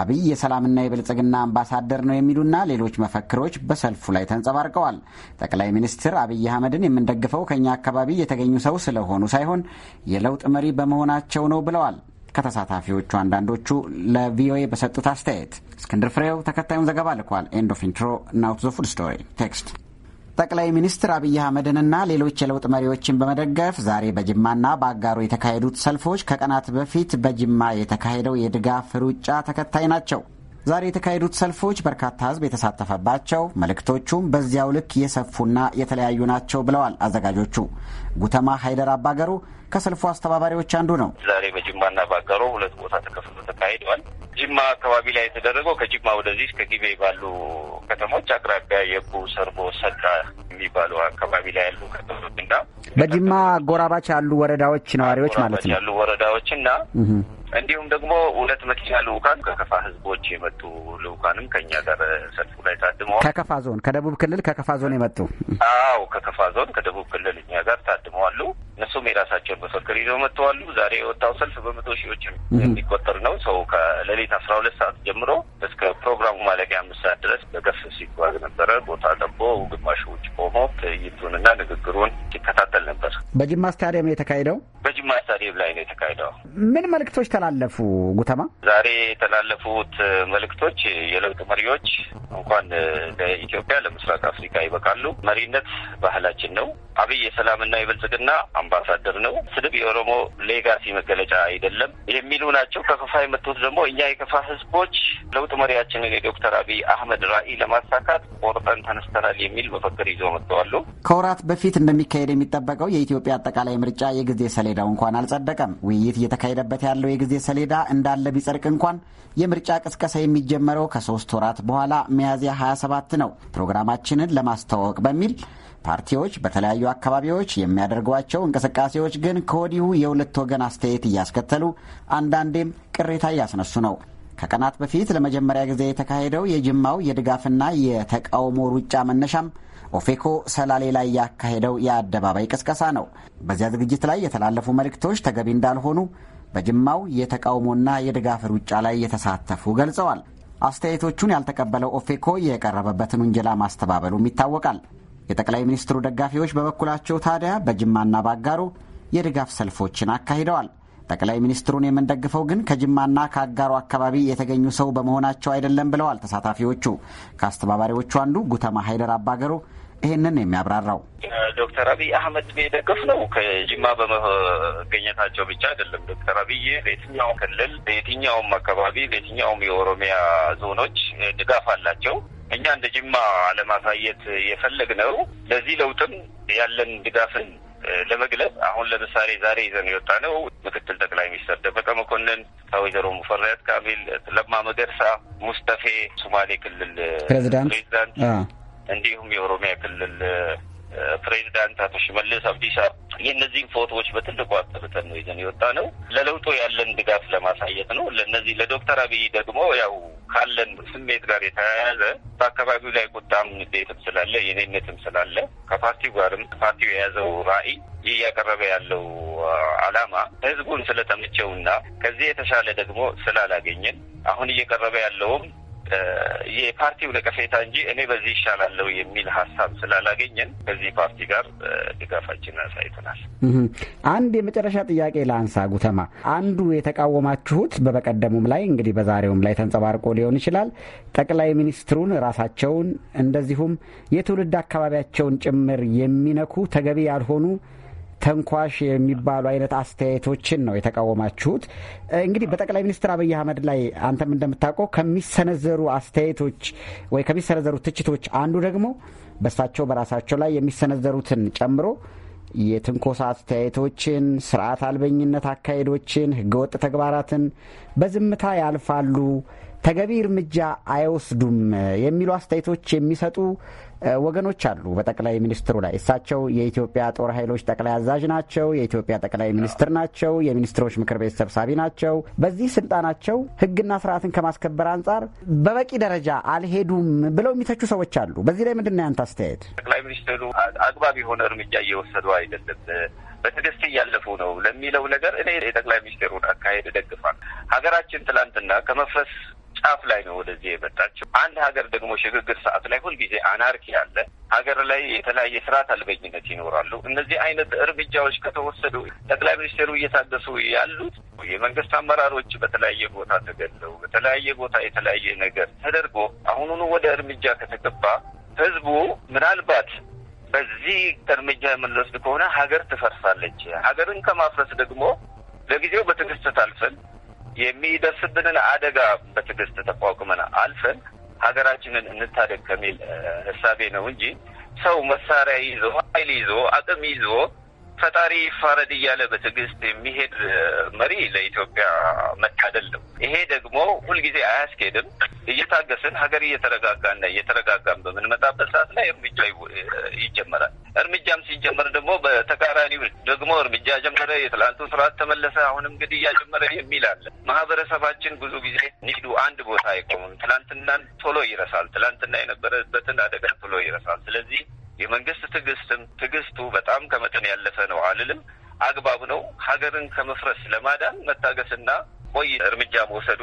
አብይ የሰላምና የብልጽግና አምባሳደር ነው የሚሉና ሌሎች መፈክሮች በሰልፉ ላይ ተንጸባርቀዋል። ጠቅላይ ሚኒስትር አብይ አህመድን የምንደግፈው ከኛ አካባቢ የተገኙ ሰው ስለሆኑ ሳይሆን የለውጥ መሪ በመሆናቸው ነው ብለዋል። ከተሳታፊዎቹ አንዳንዶቹ ለቪኦኤ በሰጡት አስተያየት እስክንድር ፍሬው ተከታዩን ዘገባ ልኳል። ኤንድ ኦፍ ኢንትሮ ናውት ዘ ፉድ ስቶሪ ቴክስት ጠቅላይ ሚኒስትር አብይ አህመድንና ሌሎች የለውጥ መሪዎችን በመደገፍ ዛሬ በጅማና በአጋሮ የተካሄዱት ሰልፎች ከቀናት በፊት በጅማ የተካሄደው የድጋፍ ሩጫ ተከታይ ናቸው። ዛሬ የተካሄዱት ሰልፎች በርካታ ሕዝብ የተሳተፈባቸው መልእክቶቹም በዚያው ልክ የሰፉና የተለያዩ ናቸው ብለዋል አዘጋጆቹ። ጉተማ ሀይደር አባገሩ ከሰልፉ አስተባባሪዎች አንዱ ነው። ዛሬ በጅማና ባገሮ ሁለት ቦታ ተከፍሎ ተካሂደዋል። ጅማ አካባቢ ላይ የተደረገው ከጅማ ወደዚህ እስከ ጊቤ ባሉ ከተሞች አቅራቢያ የቡ፣ ሰርቦ፣ ሰዳ የሚባሉ አካባቢ ላይ ያሉ ከተሞች እና በጅማ ጎራባች ያሉ ወረዳዎች ነዋሪዎች ማለት ነው ያሉ ወረዳዎች እና እንዲሁም ደግሞ ሁለት መኪና ልዑካን ከከፋ ህዝቦች የመጡ ልዑካንም ከኛ ጋር ሰልፉ ላይ ታድመዋል። ከከፋ ዞን፣ ከደቡብ ክልል ከከፋ ዞን የመጡ አዎ፣ ከከፋ ዞን፣ ከደቡብ ክልል እኛ ጋር ታድመዋሉ። እነሱም የራሳቸውን መፈክር ይዘው መጥተዋሉ። ዛሬ የወጣው ሰልፍ በመቶ ሺዎች የሚቆጠር ነው። ሰው ከሌሊት አስራ ሁለት ሰዓት ጀምሮ እስከ ፕሮግራሙ ማለቂያ አምስት ሰዓት ድረስ በገፍ ሲጓዝ ነበረ። ቦታ ጠቦ ግማሹ ውጭ ቆሞ ትዕይንቱንና ንግግሩን ሲከታተል ነበር። በጅማ ስታዲየም ነው የተካሄደው። በጅማ ስታዲየም ላይ ነው የተካሄደው። ምን መልእክቶች ተላለፉ? ጉተማ ዛሬ የተላለፉት መልእክቶች የለውጥ መሪዎች እንኳን ለኢትዮጵያ ለምስራቅ አፍሪካ ይበቃሉ። መሪነት ባህላችን ነው። አብይ የሰላምና የብልጽግና አምባሳደር ነው። ስድብ የኦሮሞ ሌጋሲ መገለጫ አይደለም የሚሉ ናቸው። ከከፋ የመጡት ደግሞ እኛ የከፋ ህዝቦች ለውጥ መሪያችንን የዶክተር አብይ አህመድ ራዕይ ለማሳካት ቆርጠን ተነስተናል የሚል መፈክር ይዞ መጥተዋሉ። ከወራት በፊት እንደሚካሄድ የሚጠበቀው የኢትዮጵያ አጠቃላይ ምርጫ የጊዜ ሰሌዳው እንኳን አልጸደቀም። ውይይት እየተካሄደበት ያለው የጊዜ ሰሌዳ እንዳለ ቢጸድቅ እንኳን የምርጫ ቅስቀሳ የሚጀመረው ከሶስት ወራት በኋላ ሚያዝያ 27 ነው። ፕሮግራማችንን ለማስተዋወቅ በሚል ፓርቲዎች በተለያዩ አካባቢዎች የሚያደርጓቸው እንቅስቃሴዎች ግን ከወዲሁ የሁለት ወገን አስተያየት እያስከተሉ አንዳንዴም ቅሬታ እያስነሱ ነው። ከቀናት በፊት ለመጀመሪያ ጊዜ የተካሄደው የጅማው የድጋፍና የተቃውሞ ሩጫ መነሻም ኦፌኮ ሰላሌ ላይ ያካሄደው የአደባባይ ቅስቀሳ ነው። በዚያ ዝግጅት ላይ የተላለፉ መልእክቶች ተገቢ እንዳልሆኑ በጅማው የተቃውሞና የድጋፍ ሩጫ ላይ የተሳተፉ ገልጸዋል። አስተያየቶቹን ያልተቀበለው ኦፌኮ የቀረበበትን ውንጀላ ማስተባበሉም ይታወቃል። የጠቅላይ ሚኒስትሩ ደጋፊዎች በበኩላቸው ታዲያ በጅማና ባጋሩ የድጋፍ ሰልፎችን አካሂደዋል። ጠቅላይ ሚኒስትሩን የምንደግፈው ግን ከጅማና ከአጋሩ አካባቢ የተገኙ ሰው በመሆናቸው አይደለም ብለዋል ተሳታፊዎቹ። ከአስተባባሪዎቹ አንዱ ጉተማ ሀይደር አባገሩ ይህንን የሚያብራራው ዶክተር አብይ አህመድ የደገፍ ነው ከጅማ በመገኘታቸው ብቻ አይደለም። ዶክተር አብይ በየትኛውም ክልል፣ በየትኛውም አካባቢ፣ በየትኛውም የኦሮሚያ ዞኖች ድጋፍ አላቸው። እኛ እንደ ጅማ የፈለግ የፈለግነው ለዚህ ለውጥም ያለን ድጋፍን ለመግለጽ አሁን ለምሳሌ ዛሬ ይዘን የወጣ ነው ምክትል ጠቅላይ ሚኒስትር ደመቀ መኮንን ከወይዘሮ ሙፈሪያት ካሚል፣ ለማ መገርሳ፣ ሙስጠፌ ሶማሌ ክልል ፕሬዚዳንት እንዲሁም የኦሮሚያ ክልል ፕሬዚዳንት አቶ ሽመልስ አብዲሳ የእነዚህን ፎቶዎች በትልቁ አጠርተን ነው ይዘን የወጣ ነው። ለለውጡ ያለን ድጋፍ ለማሳየት ነው። ለነዚህ ለዶክተር አብይ ደግሞ ያው ካለን ስሜት ጋር የተያያዘ በአካባቢው ላይ ቁጣም ንዴትም ስላለ የኔነትም ስላለ ከፓርቲው ጋርም ፓርቲው የያዘው ራዕይ ይህ እያቀረበ ያለው አላማ ህዝቡን ስለተመቸውና ከዚህ የተሻለ ደግሞ ስላላገኘን አሁን እየቀረበ ያለውም የፓርቲው ነቀፌታ እንጂ እኔ በዚህ ይሻላለሁ የሚል ሀሳብ ስላላገኘን ከዚህ ፓርቲ ጋር ድጋፋችን አሳይተናል። አንድ የመጨረሻ ጥያቄ ለአንሳ ጉተማ፣ አንዱ የተቃወማችሁት በበቀደሙም ላይ እንግዲህ በዛሬውም ላይ ተንጸባርቆ ሊሆን ይችላል ጠቅላይ ሚኒስትሩን ራሳቸውን እንደዚሁም የትውልድ አካባቢያቸውን ጭምር የሚነኩ ተገቢ ያልሆኑ ተንኳሽ የሚባሉ አይነት አስተያየቶችን ነው የተቃወማችሁት። እንግዲህ በጠቅላይ ሚኒስትር አብይ አህመድ ላይ አንተም እንደምታውቀው ከሚሰነዘሩ አስተያየቶች ወይ ከሚሰነዘሩ ትችቶች አንዱ ደግሞ በሳቸው በራሳቸው ላይ የሚሰነዘሩትን ጨምሮ የትንኮሳ አስተያየቶችን፣ ስርዓት አልበኝነት አካሄዶችን፣ ህገወጥ ተግባራትን በዝምታ ያልፋሉ ተገቢ እርምጃ አይወስዱም የሚሉ አስተያየቶች የሚሰጡ ወገኖች አሉ በጠቅላይ ሚኒስትሩ ላይ። እሳቸው የኢትዮጵያ ጦር ኃይሎች ጠቅላይ አዛዥ ናቸው፣ የኢትዮጵያ ጠቅላይ ሚኒስትር ናቸው፣ የሚኒስትሮች ምክር ቤት ሰብሳቢ ናቸው። በዚህ ስልጣናቸው ሕግና ስርዓትን ከማስከበር አንጻር በበቂ ደረጃ አልሄዱም ብለው የሚተቹ ሰዎች አሉ። በዚህ ላይ ምንድን ነው ያንተ አስተያየት? ጠቅላይ ሚኒስትሩ አግባብ የሆነ እርምጃ እየወሰዱ አይደለም በትዕግስት እያለፉ ነው ለሚለው ነገር እኔ የጠቅላይ ሚኒስትሩን አካሄድ እደግፋል። ሀገራችን ትላንትና ከመፍረስ ጫፍ ላይ ነው ወደዚህ የመጣችው። አንድ ሀገር ደግሞ ሽግግር ሰዓት ላይ ሁልጊዜ አናርኪ አለ። ሀገር ላይ የተለያየ ስርዓት አልበኝነት ይኖራሉ። እነዚህ አይነት እርምጃዎች ከተወሰዱ ጠቅላይ ሚኒስትሩ እየታገሱ ያሉት የመንግስት አመራሮች በተለያየ ቦታ ተገለው በተለያየ ቦታ የተለያየ ነገር ተደርጎ አሁኑኑ ወደ እርምጃ ከተገባ ህዝቡ ምናልባት በዚህ እርምጃ የምንወስድ ከሆነ ሀገር ትፈርሳለች። ሀገርን ከማፍረስ ደግሞ ለጊዜው በትዕግስት ታልፈን የሚደርስብንን አደጋ በትዕግስት ተቋቁመን አልፈን ሀገራችንን እንታደግ ከሚል እሳቤ ነው እንጂ ሰው መሳሪያ ይዞ ኃይል ይዞ አቅም ይዞ ፈጣሪ ፋረድ እያለ በትዕግስት የሚሄድ መሪ ለኢትዮጵያ መታደል ነው። ይሄ ደግሞ ሁልጊዜ አያስኬድም። እየታገስን ሀገር እየተረጋጋና እየተረጋጋን በምንመጣበት ሰዓት ላይ እርምጃ ይጀመራል። እርምጃም ሲጀመር ደግሞ በተቃራኒው ደግሞ እርምጃ ጀመረ፣ የትላንቱ ስርዓት ተመለሰ፣ አሁንም ግድያ ጀመረ የሚል አለ። ማህበረሰባችን ብዙ ጊዜ ኒዱ አንድ ቦታ አይቆምም። ትላንትናን ቶሎ ይረሳል። ትላንትና የነበረበትን አደጋ ቶሎ ይረሳል። ስለዚህ የመንግስት ትዕግስትም ትዕግስቱ በጣም ከመጠን ያለፈ ነው አልልም፣ አግባብ ነው። ሀገርን ከመፍረስ ለማዳን መታገስና ቆይ እርምጃ መውሰዱ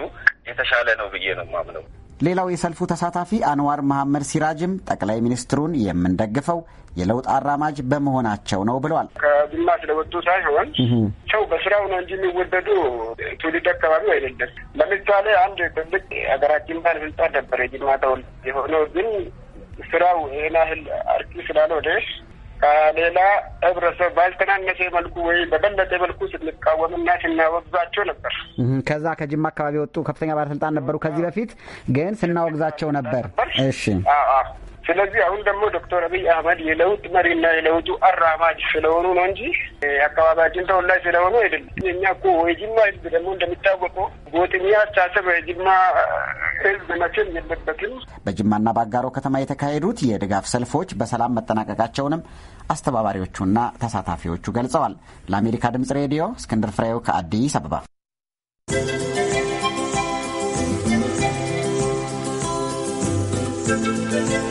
የተሻለ ነው ብዬ ነው የማምነው። ሌላው የሰልፉ ተሳታፊ አንዋር መሐመድ ሲራጅም ጠቅላይ ሚኒስትሩን የምንደግፈው የለውጥ አራማጅ በመሆናቸው ነው ብለዋል። ከጅማ ለወጡ ሳይሆን ሰው በስራው ነው እንጂ የሚወደዱ ትውልድ አካባቢው አይደለም። ለምሳሌ አንድ ትልቅ ሀገራችን ባለስልጣን ነበር የጅማ ተወላጅ የሆነው ግን ስራው ይህን ያህል አርኪ ስላልሆነ ከሌላ ህብረተሰብ ባልተናነሰ መልኩ ወይ በበለጠ መልኩ ስንቃወምና ስናወግዛቸው ነበር። ከዛ ከጅማ አካባቢ የወጡ ከፍተኛ ባለስልጣን ነበሩ። ከዚህ በፊት ግን ስናወግዛቸው ነበር። እሺ ስለዚህ አሁን ደግሞ ዶክተር አብይ አህመድ የለውጥ መሪና የለውጡ አራማጅ ስለሆኑ ነው እንጂ አካባቢያችን ተወላጅ ስለሆኑ አይደለም። እኛ እኮ የጅማ ህዝብ ደግሞ እንደሚታወቀው ጎጥኛ አስተሳሰብ የጅማ ህዝብ መቼም የለበትም። በጅማና በአጋሮ ከተማ የተካሄዱት የድጋፍ ሰልፎች በሰላም መጠናቀቃቸውንም አስተባባሪዎቹና ተሳታፊዎቹ ገልጸዋል። ለአሜሪካ ድምጽ ሬዲዮ እስክንድር ፍሬው ከአዲስ አበባ። Thank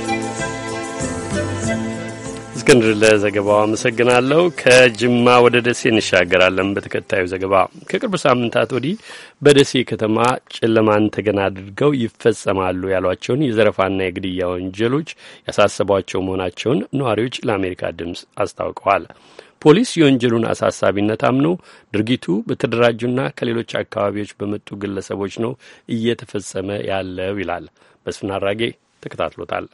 you. እስክንድር ለዘገባው አመሰግናለሁ። ከጅማ ወደ ደሴ እንሻገራለን። በተከታዩ ዘገባ ከቅርብ ሳምንታት ወዲህ በደሴ ከተማ ጨለማን ተገን አድርገው ይፈጸማሉ ያሏቸውን የዘረፋና የግድያ ወንጀሎች ያሳሰቧቸው መሆናቸውን ነዋሪዎች ለአሜሪካ ድምፅ አስታውቀዋል። ፖሊስ የወንጀሉን አሳሳቢነት አምኖ ድርጊቱ በተደራጁና ከሌሎች አካባቢዎች በመጡ ግለሰቦች ነው እየተፈጸመ ያለው ይላል። መስፍን አራጌ ተከታትሎታል።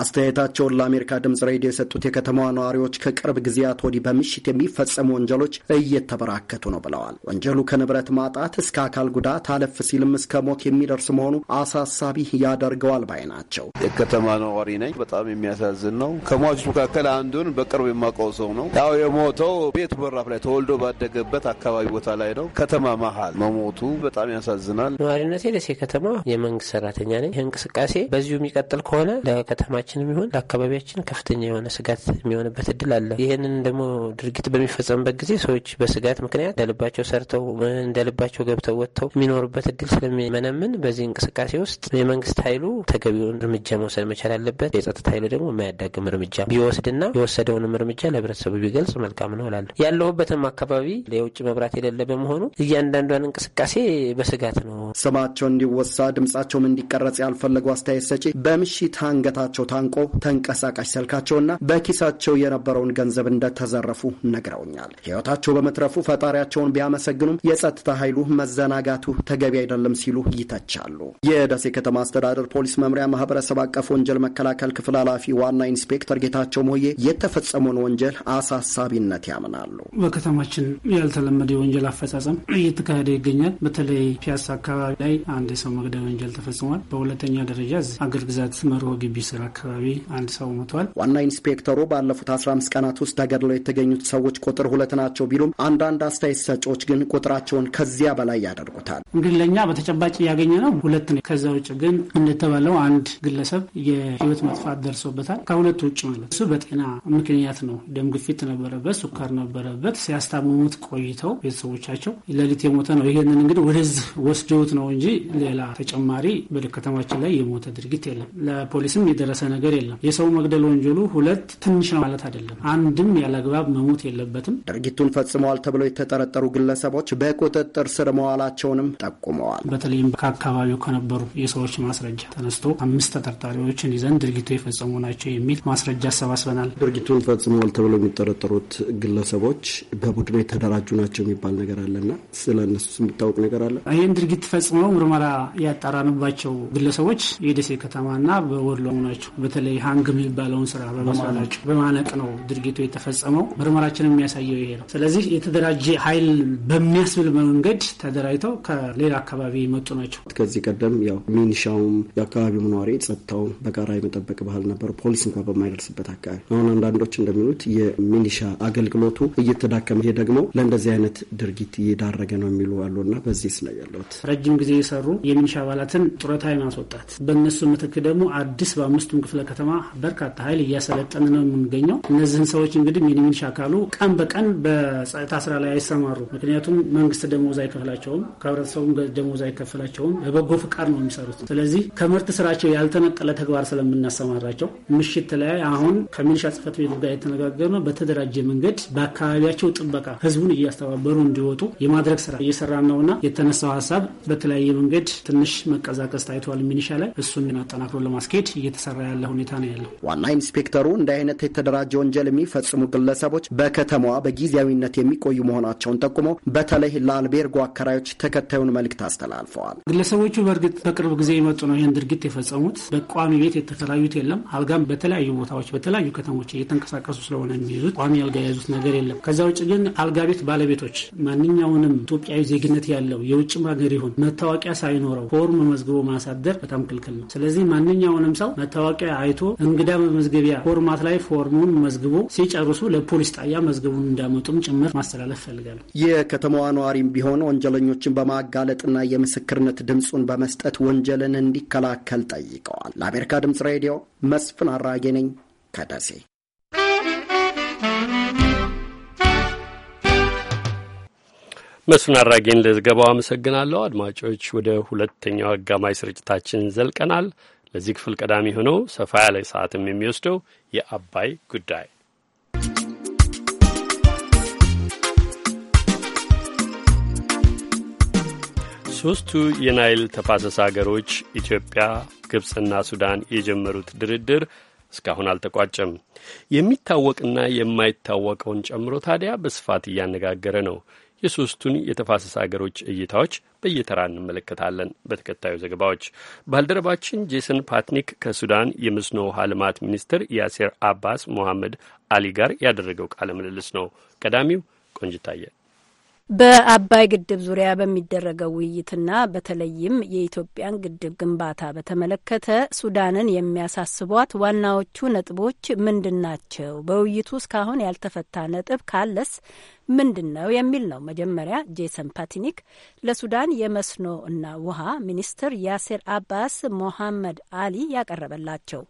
አስተያየታቸውን ለአሜሪካ ድምጽ ሬዲዮ የሰጡት የከተማዋ ነዋሪዎች ከቅርብ ጊዜያት ወዲህ በምሽት የሚፈጸሙ ወንጀሎች እየተበራከቱ ነው ብለዋል። ወንጀሉ ከንብረት ማጣት እስከ አካል ጉዳት አለፍ ሲልም እስከ ሞት የሚደርስ መሆኑ አሳሳቢ ያደርገዋል ባይ ናቸው። የከተማ ነዋሪ ነኝ። በጣም የሚያሳዝን ነው። ከሟቾች መካከል አንዱን በቅርብ የማውቀው ሰው ነው። ያው የሞተው ቤቱ በራፍ ላይ ተወልዶ ባደገበት አካባቢ ቦታ ላይ ነው። ከተማ መሀል መሞቱ በጣም ያሳዝናል። ነዋሪነት ደሴ ከተማ የመንግስት ሰራተኛ ነኝ። ይህ እንቅስቃሴ በዚሁ የሚቀጥል ከሆነ ለከተማ ለኑሯችንም ይሁን ለአካባቢያችን ከፍተኛ የሆነ ስጋት የሚሆንበት እድል አለ። ይህንን ደግሞ ድርጊት በሚፈጸምበት ጊዜ ሰዎች በስጋት ምክንያት እንደልባቸው ሰርተው እንደልባቸው ገብተው ወጥተው የሚኖሩበት እድል ስለሚመነምን በዚህ እንቅስቃሴ ውስጥ የመንግስት ኃይሉ ተገቢውን እርምጃ መውሰድ መቻል አለበት። የጸጥታ ኃይሉ ደግሞ የማያዳግም እርምጃ ቢወስድና የወሰደውንም እርምጃ ለህብረተሰቡ ቢገልጽ መልካም ነው እላለሁ። ያለሁበትም አካባቢ የውጭ መብራት የሌለ በመሆኑ እያንዳንዷን እንቅስቃሴ በስጋት ነው። ስማቸው እንዲወሳ ድምጻቸውም እንዲቀረጽ ያልፈለጉ አስተያየት ሰጪ በምሽት አንገታቸው ታንቆ ተንቀሳቃሽ ስልካቸውና በኪሳቸው የነበረውን ገንዘብ እንደተዘረፉ ነግረውኛል። ሕይወታቸው በመትረፉ ፈጣሪያቸውን ቢያመሰግኑም የጸጥታ ኃይሉ መዘናጋቱ ተገቢ አይደለም ሲሉ ይተቻሉ። የደሴ ከተማ አስተዳደር ፖሊስ መምሪያ ማህበረሰብ አቀፍ ወንጀል መከላከል ክፍል ኃላፊ ዋና ኢንስፔክተር ጌታቸው ሞዬ የተፈጸመውን ወንጀል አሳሳቢነት ያምናሉ። በከተማችን ያልተለመደ የወንጀል አፈጻጸም እየተካሄደ ይገኛል። በተለይ ፒያሳ አካባቢ ላይ አንድ የሰው መግደል ወንጀል ተፈጽሟል። በሁለተኛ ደረጃ አገር ግዛት መርሆ ግቢ ስራ አካባቢ አንድ ሰው ሞቷል። ዋና ኢንስፔክተሩ ባለፉት 15 ቀናት ውስጥ ተገድለው የተገኙት ሰዎች ቁጥር ሁለት ናቸው ቢሉም አንዳንድ አስተያየት ሰጪዎች ግን ቁጥራቸውን ከዚያ በላይ ያደርጉታል። እንግዲህ ለእኛ በተጨባጭ እያገኘ ነው ሁለት ነው። ከዛ ውጭ ግን እንደተባለው አንድ ግለሰብ የህይወት መጥፋት ደርሶበታል። ከሁለቱ ውጭ ማለት እሱ በጤና ምክንያት ነው። ደም ግፊት ነበረበት፣ ሱካር ነበረበት። ሲያስታምሙት ቆይተው ቤተሰቦቻቸው ሌሊት የሞተ ነው። ይህንን እንግዲህ ወደዚህ ወስደውት ነው እንጂ ሌላ ተጨማሪ በደ ከተማችን ላይ የሞተ ድርጊት የለም። ለፖሊስም የደረሰ የደረሰ ነገር የለም። የሰው መግደል ወንጀሉ ሁለት ትንሽ ነው ማለት አይደለም። አንድም ያለአግባብ መሞት የለበትም። ድርጊቱን ፈጽመዋል ተብለው የተጠረጠሩ ግለሰቦች በቁጥጥር ስር መዋላቸውንም ጠቁመዋል። በተለይም ከአካባቢው ከነበሩ የሰዎች ማስረጃ ተነስቶ አምስት ተጠርጣሪዎችን ይዘን ድርጊቱ የፈጸሙ ናቸው የሚል ማስረጃ አሰባስበናል። ድርጊቱን ፈጽመዋል ተብለው የሚጠረጠሩት ግለሰቦች በቡድን የተደራጁ ናቸው የሚባል ነገር አለና ስለ እነሱ የሚታወቅ ነገር አለ። ይህን ድርጊት ፈጽመው ምርመራ ያጣራንባቸው ግለሰቦች የደሴ ከተማና በወሎ ናቸው። በተለይ ሀንግ የሚባለውን ስራ በመስራታቸው በማነቅ ነው ድርጊቱ የተፈጸመው። ምርመራችን የሚያሳየው ይሄ ነው። ስለዚህ የተደራጀ ኃይል በሚያስብል መንገድ ተደራጅተው ከሌላ አካባቢ የመጡ ናቸው። ከዚህ ቀደም ያው ሚኒሻውም የአካባቢው ነዋሪ ጸጥታውን በጋራ የመጠበቅ ባህል ነበር፣ ፖሊስ እንኳ በማይደርስበት አካባቢ። አሁን አንዳንዶች እንደሚሉት የሚኒሻ አገልግሎቱ እየተዳከመ፣ ይሄ ደግሞ ለእንደዚህ አይነት ድርጊት እየዳረገ ነው የሚሉ አሉና በዚህ ስለ ያለት ረጅም ጊዜ የሰሩ የሚኒሻ አባላትን ጡረታ ማስወጣት በእነሱ ምትክ ደግሞ አዲስ በአምስቱም በሁሉም ክፍለ ከተማ በርካታ ኃይል እያሰለጠን ነው የምንገኘው። እነዚህን ሰዎች እንግዲህ ሚኒሚንሽ አካሉ ቀን በቀን በጸጥታ ስራ ላይ አይሰማሩ። ምክንያቱም መንግስት ደሞዝ አይከፍላቸውም፣ ከህብረተሰቡም ደሞዝ አይከፍላቸውም። በበጎ ፍቃድ ነው የሚሰሩት። ስለዚህ ከምርት ስራቸው ያልተነቀለ ተግባር ስለምናሰማራቸው ምሽት ላይ አሁን ከሚኒሻ ጽህፈት ቤት ጋር የተነጋገርነው በተደራጀ መንገድ በአካባቢያቸው ጥበቃ ህዝቡን እያስተባበሩ እንዲወጡ የማድረግ ስራ እየሰራ ነውና የተነሳው ሀሳብ በተለያየ መንገድ ትንሽ መቀዛቀዝ ታይተዋል። ሚኒሻ ላይ እሱን አጠናክሮ ለማስኬድ እየተሰራ ያለ ሁኔታ ነው ያለው። ዋና ኢንስፔክተሩ እንደ አይነት የተደራጀ ወንጀል የሚፈጽሙ ግለሰቦች በከተማዋ በጊዜያዊነት የሚቆዩ መሆናቸውን ጠቁመው በተለይ ለአልቤርጎ አከራዮች ተከታዩን መልእክት አስተላልፈዋል። ግለሰቦቹ በእርግጥ በቅርብ ጊዜ የመጡ ነው ይህን ድርጊት የፈጸሙት። በቋሚ ቤት የተከራዩት የለም። አልጋም በተለያዩ ቦታዎች በተለያዩ ከተሞች እየተንቀሳቀሱ ስለሆነ የሚይዙት ቋሚ አልጋ የያዙት ነገር የለም። ከዛ ውጭ ግን አልጋ ቤት ባለቤቶች ማንኛውንም ኢትዮጵያዊ ዜግነት ያለው የውጭም ሀገር ይሁን መታወቂያ ሳይኖረው ፎርም መዝግቦ ማሳደር በጣም ክልክል ነው። ስለዚህ ማንኛውንም ሰው መታወቂያ ማስታወቂያ አይቶ እንግዳ መመዝገቢያ ፎርማት ላይ ፎርሙን መዝግቦ ሲጨርሱ ለፖሊስ ጣቢያ መዝገቡን እንዳመጡም ጭምር ማስተላለፍ ፈልጋለሁ። የከተማዋ ነዋሪም ቢሆን ወንጀለኞችን በማጋለጥና የምስክርነት ድምፁን በመስጠት ወንጀልን እንዲከላከል ጠይቀዋል። ለአሜሪካ ድምጽ ሬዲዮ መስፍን አራጌ ነኝ ከደሴ። መስፍን አራጌን ለዘገባው አመሰግናለሁ። አድማጮች፣ ወደ ሁለተኛው አጋማሽ ስርጭታችን ዘልቀናል። ለዚህ ክፍል ቀዳሚ ሆነው ሰፋ ያለ ሰዓትም የሚወስደው የአባይ ጉዳይ ሶስቱ የናይል ተፋሰስ አገሮች ኢትዮጵያ፣ ግብፅና ሱዳን የጀመሩት ድርድር እስካሁን አልተቋጨም። የሚታወቅና የማይታወቀውን ጨምሮ ታዲያ በስፋት እያነጋገረ ነው። የሶስቱን የተፋሰስ አገሮች እይታዎች በየተራ እንመለከታለን። በተከታዩ ዘገባዎች ባልደረባችን ጄሰን ፓትኒክ ከሱዳን የምስኖ ውሃ ልማት ሚኒስትር ያሴር አባስ ሞሐመድ አሊ ጋር ያደረገው ቃለ ምልልስ ነው። ቀዳሚው ቆንጅታየ በአባይ ግድብ ዙሪያ በሚደረገው ውይይትና በተለይም የኢትዮጵያን ግድብ ግንባታ በተመለከተ ሱዳንን የሚያሳስቧት ዋናዎቹ ነጥቦች ምንድን ናቸው? በውይይቱ እስካሁን ያልተፈታ ነጥብ ካለስ ምንድን ነው የሚል ነው። መጀመሪያ ጄሰን ፓቲኒክ ለሱዳን የመስኖ እና ውሃ ሚኒስትር ያሴር አባስ ሞሐመድ አሊ ያቀረበላቸው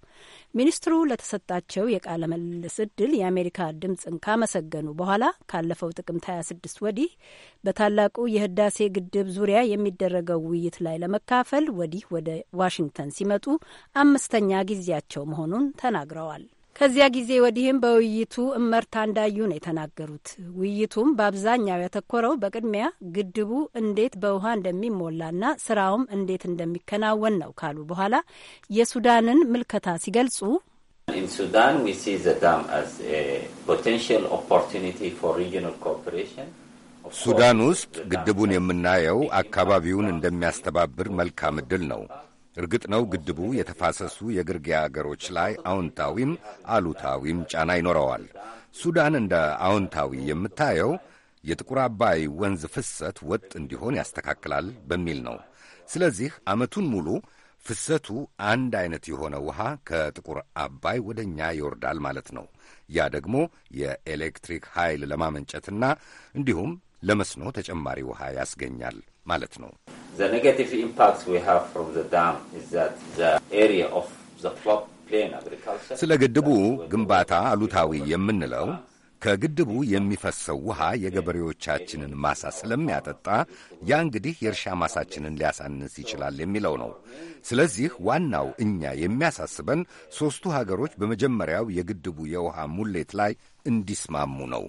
ሚኒስትሩ ለተሰጣቸው የቃለ ምልልስ እድል የአሜሪካ ድምፅን ካመሰገኑ በኋላ ካለፈው ጥቅምት 26 ወዲህ በታላቁ የህዳሴ ግድብ ዙሪያ የሚደረገው ውይይት ላይ ለመካፈል ወዲህ ወደ ዋሽንግተን ሲመጡ አምስተኛ ጊዜያቸው መሆኑን ተናግረዋል። ከዚያ ጊዜ ወዲህም በውይይቱ እመርታ እንዳዩ ነው የተናገሩት። ውይይቱም በአብዛኛው ያተኮረው በቅድሚያ ግድቡ እንዴት በውሃ እንደሚሞላና ስራውም እንዴት እንደሚከናወን ነው ካሉ በኋላ የሱዳንን ምልከታ ሲገልጹ ሱዳን ውስጥ ግድቡን የምናየው አካባቢውን እንደሚያስተባብር መልካም ዕድል ነው። እርግጥ ነው ግድቡ የተፋሰሱ የግርጌ አገሮች ላይ አዎንታዊም አሉታዊም ጫና ይኖረዋል። ሱዳን እንደ አዎንታዊ የምታየው የጥቁር አባይ ወንዝ ፍሰት ወጥ እንዲሆን ያስተካክላል በሚል ነው። ስለዚህ ዓመቱን ሙሉ ፍሰቱ አንድ አይነት የሆነ ውሃ ከጥቁር አባይ ወደ እኛ ይወርዳል ማለት ነው። ያ ደግሞ የኤሌክትሪክ ኃይል ለማመንጨትና እንዲሁም ለመስኖ ተጨማሪ ውሃ ያስገኛል ማለት ነው። ስለ ግድቡ ግንባታ አሉታዊ የምንለው ከግድቡ የሚፈሰው ውሃ የገበሬዎቻችንን ማሳ ስለሚያጠጣ ያ እንግዲህ የእርሻ ማሳችንን ሊያሳንስ ይችላል የሚለው ነው። ስለዚህ ዋናው እኛ የሚያሳስበን ሦስቱ ሀገሮች በመጀመሪያው የግድቡ የውሃ ሙሌት ላይ እንዲስማሙ ነው።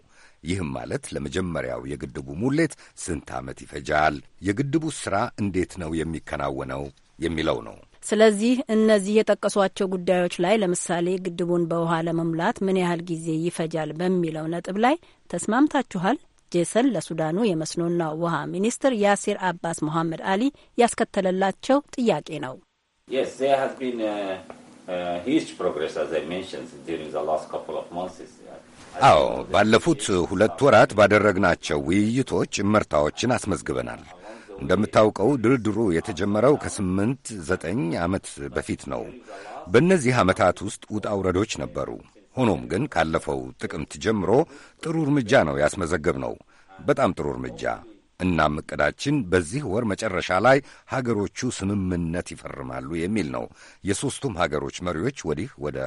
ይህም ማለት ለመጀመሪያው የግድቡ ሙሌት ስንት ዓመት ይፈጃል፣ የግድቡ ስራ እንዴት ነው የሚከናወነው የሚለው ነው። ስለዚህ እነዚህ የጠቀሷቸው ጉዳዮች ላይ ለምሳሌ ግድቡን በውሃ ለመሙላት ምን ያህል ጊዜ ይፈጃል በሚለው ነጥብ ላይ ተስማምታችኋል? ጄሰን ለሱዳኑ የመስኖና ውሃ ሚኒስትር ያሲር አባስ መሐመድ አሊ ያስከተለላቸው ጥያቄ ነው። አዎ፣ ባለፉት ሁለት ወራት ባደረግናቸው ውይይቶች እመርታዎችን አስመዝግበናል። እንደምታውቀው ድርድሩ የተጀመረው ከስምንት ዘጠኝ ዓመት በፊት ነው። በእነዚህ ዓመታት ውስጥ ውጣ ውረዶች ነበሩ። ሆኖም ግን ካለፈው ጥቅምት ጀምሮ ጥሩ እርምጃ ነው ነው። በጣም ጥሩ እርምጃ። እናም ዕቅዳችን በዚህ ወር መጨረሻ ላይ ሀገሮቹ ስምምነት ይፈርማሉ የሚል ነው። የሦስቱም ሀገሮች መሪዎች ወዲህ ወደ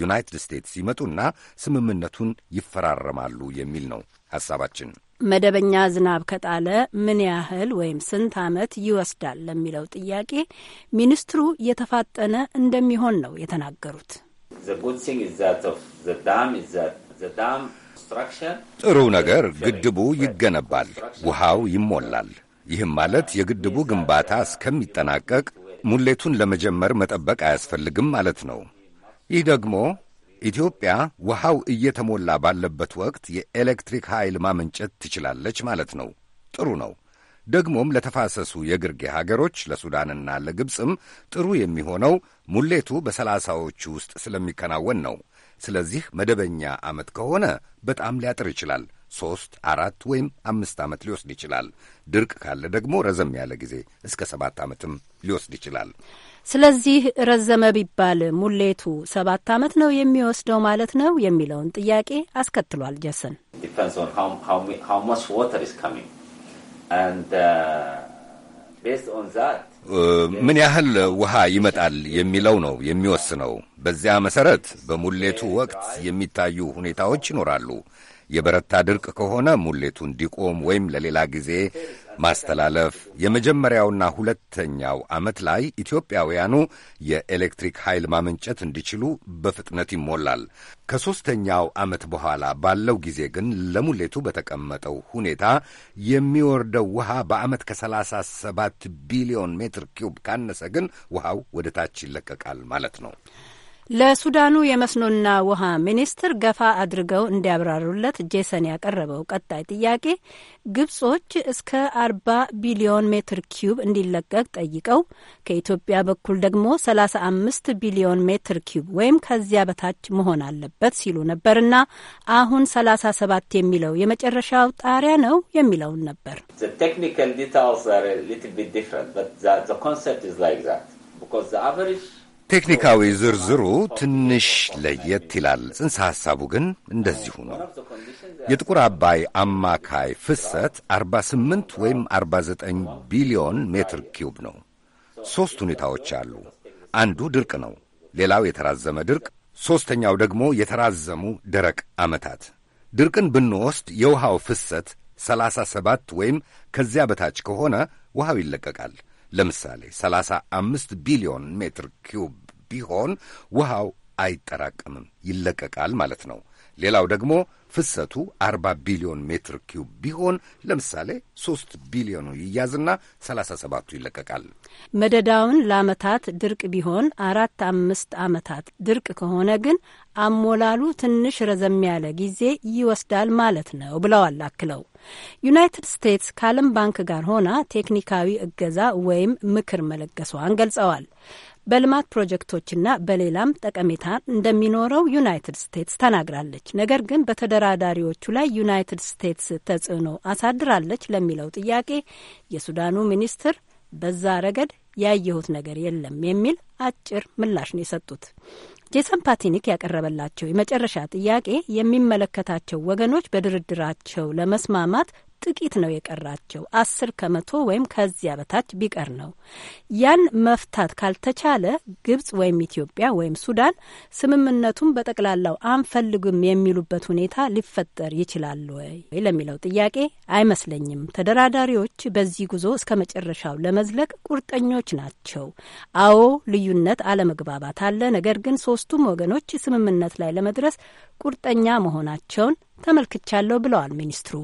ዩናይትድ ስቴትስ ይመጡና ስምምነቱን ይፈራረማሉ የሚል ነው ሀሳባችን። መደበኛ ዝናብ ከጣለ ምን ያህል ወይም ስንት ዓመት ይወስዳል ለሚለው ጥያቄ ሚኒስትሩ የተፋጠነ እንደሚሆን ነው የተናገሩት። ጥሩ ነገር ግድቡ ይገነባል፣ ውሃው ይሞላል። ይህም ማለት የግድቡ ግንባታ እስከሚጠናቀቅ ሙሌቱን ለመጀመር መጠበቅ አያስፈልግም ማለት ነው። ይህ ደግሞ ኢትዮጵያ ውሃው እየተሞላ ባለበት ወቅት የኤሌክትሪክ ኃይል ማመንጨት ትችላለች ማለት ነው። ጥሩ ነው። ደግሞም ለተፋሰሱ የግርጌ ሀገሮች ለሱዳንና ለግብፅም ጥሩ የሚሆነው ሙሌቱ በሰላሳዎቹ ውስጥ ስለሚከናወን ነው። ስለዚህ መደበኛ ዓመት ከሆነ በጣም ሊያጥር ይችላል። ሦስት አራት ወይም አምስት ዓመት ሊወስድ ይችላል። ድርቅ ካለ ደግሞ ረዘም ያለ ጊዜ እስከ ሰባት ዓመትም ሊወስድ ይችላል። ስለዚህ ረዘመ ቢባል ሙሌቱ ሰባት ዓመት ነው የሚወስደው ማለት ነው የሚለውን ጥያቄ አስከትሏል። ጀሰን uh, uh, ምን ያህል ውሃ ይመጣል የሚለው ነው የሚወስነው። በዚያ መሰረት በሙሌቱ ወቅት የሚታዩ ሁኔታዎች ይኖራሉ። የበረታ ድርቅ ከሆነ ሙሌቱ እንዲቆም ወይም ለሌላ ጊዜ ማስተላለፍ የመጀመሪያውና ሁለተኛው ዓመት ላይ ኢትዮጵያውያኑ የኤሌክትሪክ ኃይል ማመንጨት እንዲችሉ በፍጥነት ይሞላል። ከሦስተኛው ዓመት በኋላ ባለው ጊዜ ግን ለሙሌቱ በተቀመጠው ሁኔታ የሚወርደው ውሃ በዓመት ከ37 ቢሊዮን ሜትር ኪዩብ ካነሰ ግን ውሃው ወደ ታች ይለቀቃል ማለት ነው። ለሱዳኑ የመስኖና ውሃ ሚኒስትር ገፋ አድርገው እንዲያብራሩለት ጄሰን ያቀረበው ቀጣይ ጥያቄ ግብጾች እስከ አርባ ቢሊዮን ሜትር ኪዩብ እንዲለቀቅ ጠይቀው ከኢትዮጵያ በኩል ደግሞ ሰላሳ አምስት ቢሊዮን ሜትር ኪዩብ ወይም ከዚያ በታች መሆን አለበት ሲሉ ነበርና አሁን ሰላሳ ሰባት የሚለው የመጨረሻው ጣሪያ ነው የሚለውን ነበር። ቴክኒካል ዲታልስ አር ሊትል ቢት ዲፍረንት በት ዘ ኮንሰፕት ኢዝ ላይክ ዛት ቢኮዝ ዘ አቨሬጅ ቴክኒካዊ ዝርዝሩ ትንሽ ለየት ይላል። ጽንሰ ሐሳቡ ግን እንደዚሁ ነው። የጥቁር አባይ አማካይ ፍሰት 48 ወይም 49 ቢሊዮን ሜትር ኪዩብ ነው። ሦስት ሁኔታዎች አሉ። አንዱ ድርቅ ነው፣ ሌላው የተራዘመ ድርቅ፣ ሦስተኛው ደግሞ የተራዘሙ ደረቅ ዓመታት። ድርቅን ብንወስድ የውሃው ፍሰት 37 ወይም ከዚያ በታች ከሆነ ውሃው ይለቀቃል። ለምሳሌ 35 ቢሊዮን ሜትር ኪዩብ ቢሆን ውሃው አይጠራቀምም፣ ይለቀቃል ማለት ነው። ሌላው ደግሞ ፍሰቱ 40 ቢሊዮን ሜትር ኪዩብ ቢሆን ለምሳሌ 3 ቢሊዮኑ ይያዝና 37ቱ ይለቀቃል። መደዳውን ለአመታት ድርቅ ቢሆን አራት አምስት አመታት፣ ድርቅ ከሆነ ግን አሞላሉ ትንሽ ረዘም ያለ ጊዜ ይወስዳል ማለት ነው ብለዋል አክለው ዩናይትድ ስቴትስ ከዓለም ባንክ ጋር ሆና ቴክኒካዊ እገዛ ወይም ምክር መለገሷን ገልጸዋል። በልማት ፕሮጀክቶችና በሌላም ጠቀሜታ እንደሚኖረው ዩናይትድ ስቴትስ ተናግራለች። ነገር ግን በተደራዳሪዎቹ ላይ ዩናይትድ ስቴትስ ተጽዕኖ አሳድራለች ለሚለው ጥያቄ የሱዳኑ ሚኒስትር በዛ ረገድ ያየሁት ነገር የለም የሚል አጭር ምላሽ ነው የሰጡት። ጄሰን ፓቲኒክ ያቀረበላቸው የመጨረሻ ጥያቄ የሚመለከታቸው ወገኖች በድርድራቸው ለመስማማት ጥቂት ነው የቀራቸው። አስር ከመቶ ወይም ከዚያ በታች ቢቀር ነው። ያን መፍታት ካልተቻለ ግብጽ ወይም ኢትዮጵያ ወይም ሱዳን ስምምነቱን በጠቅላላው አንፈልግም የሚሉበት ሁኔታ ሊፈጠር ይችላል ወይ ለሚለው ጥያቄ አይመስለኝም። ተደራዳሪዎች በዚህ ጉዞ እስከ መጨረሻው ለመዝለቅ ቁርጠኞች ናቸው። አዎ ልዩነት፣ አለመግባባት አለ። ነገር ግን ሶስቱም ወገኖች ስምምነት ላይ ለመድረስ ቁርጠኛ መሆናቸውን ተመልክቻለሁ ብለዋል ሚኒስትሩ።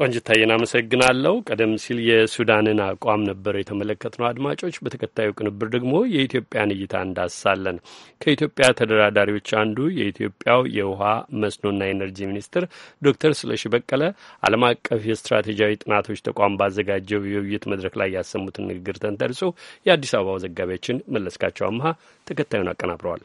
ቆንጅታዬን አመሰግናለሁ። ቀደም ሲል የሱዳንን አቋም ነበር የተመለከትነው። አድማጮች፣ በተከታዩ ቅንብር ደግሞ የኢትዮጵያን እይታ እንዳሳለን። ከኢትዮጵያ ተደራዳሪዎች አንዱ የኢትዮጵያው የውሃ መስኖና ኤነርጂ ሚኒስትር ዶክተር ስለሺ በቀለ ዓለም አቀፍ የስትራቴጂያዊ ጥናቶች ተቋም ባዘጋጀው የውይይት መድረክ ላይ ያሰሙትን ንግግር ተንተርሶ የአዲስ አበባው ዘጋቢያችን መለስካቸው አምሃ ተከታዩን አቀናብረዋል።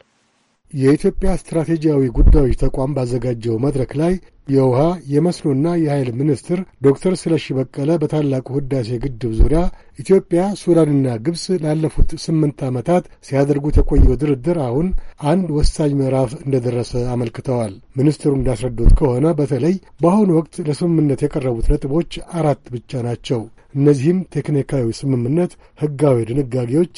የኢትዮጵያ ስትራቴጂያዊ ጉዳዮች ተቋም ባዘጋጀው መድረክ ላይ የውሃ የመስኖና የኃይል ሚኒስትር ዶክተር ስለሺ በቀለ በታላቁ ህዳሴ ግድብ ዙሪያ ኢትዮጵያ፣ ሱዳንና ግብፅ ላለፉት ስምንት ዓመታት ሲያደርጉ የቆየው ድርድር አሁን አንድ ወሳኝ ምዕራፍ እንደደረሰ አመልክተዋል። ሚኒስትሩ እንዳስረዱት ከሆነ በተለይ በአሁኑ ወቅት ለስምምነት የቀረቡት ነጥቦች አራት ብቻ ናቸው። እነዚህም ቴክኒካዊ ስምምነት፣ ህጋዊ ድንጋጌዎች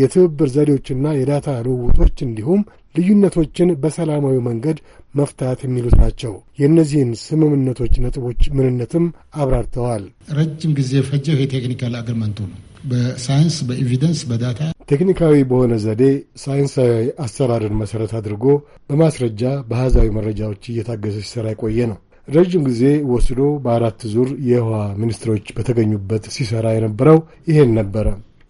የትብብር ዘዴዎችና የዳታ ልውውጦች እንዲሁም ልዩነቶችን በሰላማዊ መንገድ መፍታት የሚሉት ናቸው። የእነዚህን ስምምነቶች ነጥቦች ምንነትም አብራርተዋል። ረጅም ጊዜ ፈጀው የቴክኒካል አግሪመንቱ ነው። በሳይንስ በኤቪደንስ በዳታ ቴክኒካዊ በሆነ ዘዴ ሳይንሳዊ አሰራርን መሠረት አድርጎ በማስረጃ በአሃዛዊ መረጃዎች እየታገዘ ሲሠራ የቆየ ነው። ረዥም ጊዜ ወስዶ በአራት ዙር የውሃ ሚኒስትሮች በተገኙበት ሲሠራ የነበረው ይሄን ነበረ።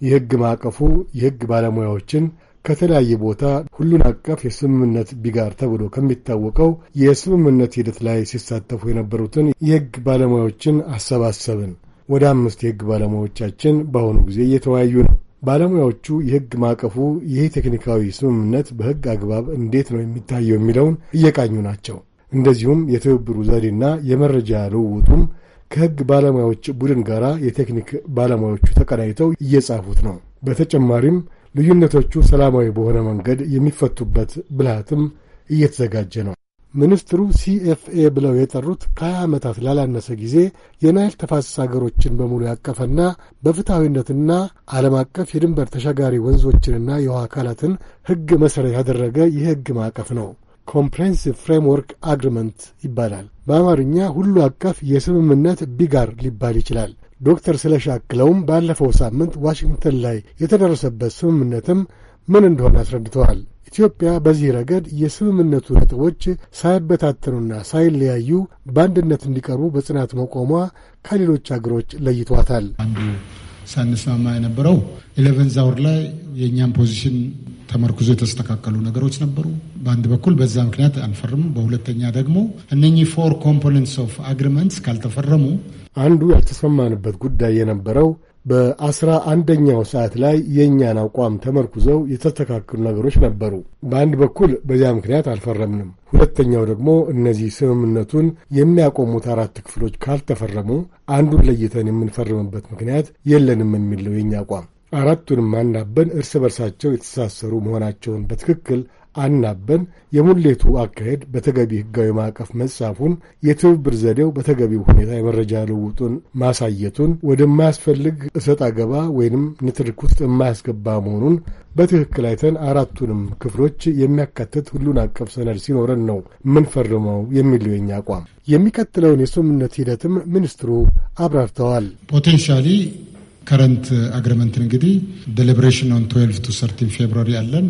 የህግ ማዕቀፉ የህግ ባለሙያዎችን ከተለያየ ቦታ ሁሉን አቀፍ የስምምነት ቢጋር ተብሎ ከሚታወቀው የስምምነት ሂደት ላይ ሲሳተፉ የነበሩትን የሕግ ባለሙያዎችን አሰባሰብን። ወደ አምስት የሕግ ባለሙያዎቻችን በአሁኑ ጊዜ እየተወያዩ ነው። ባለሙያዎቹ የሕግ ማዕቀፉ ይህ ቴክኒካዊ ስምምነት በሕግ አግባብ እንዴት ነው የሚታየው የሚለውን እየቃኙ ናቸው። እንደዚሁም የትብብሩ ዘዴና የመረጃ ልውውጡም ከሕግ ባለሙያዎች ቡድን ጋር የቴክኒክ ባለሙያዎቹ ተቀናይተው እየጻፉት ነው። በተጨማሪም ልዩነቶቹ ሰላማዊ በሆነ መንገድ የሚፈቱበት ብልሃትም እየተዘጋጀ ነው። ሚኒስትሩ ሲኤፍኤ ብለው የጠሩት ከሀያ ዓመታት ላላነሰ ጊዜ የናይል ተፋሰስ አገሮችን በሙሉ ያቀፈና በፍትሐዊነትና ዓለም አቀፍ የድንበር ተሻጋሪ ወንዞችንና የውሃ አካላትን ሕግ መሠረት ያደረገ የሕግ ማዕቀፍ ነው። ኮምፕሬንሲቭ ፍሬምወርክ አግሪመንት ይባላል። በአማርኛ ሁሉ አቀፍ የስምምነት ቢጋር ሊባል ይችላል። ዶክተር ስለሻክለውም ባለፈው ሳምንት ዋሽንግተን ላይ የተደረሰበት ስምምነትም ምን እንደሆነ አስረድተዋል። ኢትዮጵያ በዚህ ረገድ የስምምነቱ ነጥቦች ሳይበታተኑና ሳይለያዩ በአንድነት እንዲቀርቡ በጽናት መቆሟ ከሌሎች አገሮች ለይቷታል። ሳንስማማ የነበረው ኢሌቨን ዛውር ላይ የእኛም ፖዚሽን ተመርኩዞ የተስተካከሉ ነገሮች ነበሩ። በአንድ በኩል በዛ ምክንያት አንፈርም፣ በሁለተኛ ደግሞ እነኚህ ፎር ኮምፖነንትስ ኦፍ አግሪመንትስ ካልተፈረሙ አንዱ ያልተስማማንበት ጉዳይ የነበረው በአስራ አንደኛው ሰዓት ላይ የእኛን አቋም ተመርኩዘው የተስተካከሉ ነገሮች ነበሩ። በአንድ በኩል በዚያ ምክንያት አልፈረምንም። ሁለተኛው ደግሞ እነዚህ ስምምነቱን የሚያቆሙት አራት ክፍሎች ካልተፈረሙ አንዱን ለይተን የምንፈርምበት ምክንያት የለንም የሚለው የእኛ አቋም አራቱንም አናበን እርስ በርሳቸው የተሳሰሩ መሆናቸውን በትክክል አናበን የሙሌቱ አካሄድ በተገቢ ሕጋዊ ማዕቀፍ መጻፉን፣ የትብብር ዘዴው በተገቢው ሁኔታ የመረጃ ልውጡን ማሳየቱን፣ ወደማያስፈልግ እሰጥ አገባ ወይንም ንትርክ ውስጥ የማያስገባ መሆኑን በትክክል አይተን አራቱንም ክፍሎች የሚያካትት ሁሉን አቀፍ ሰነድ ሲኖረን ነው የምንፈርመው የሚለው የኛ አቋም። የሚቀጥለውን የስምምነት ሂደትም ሚኒስትሩ አብራርተዋል። ፖቴንሻሊ ከረንት አግሪመንት እንግዲህ ዴሊብሬሽን ኦን 12 ቱ ሰርቲን ፌብሩዋሪ አለን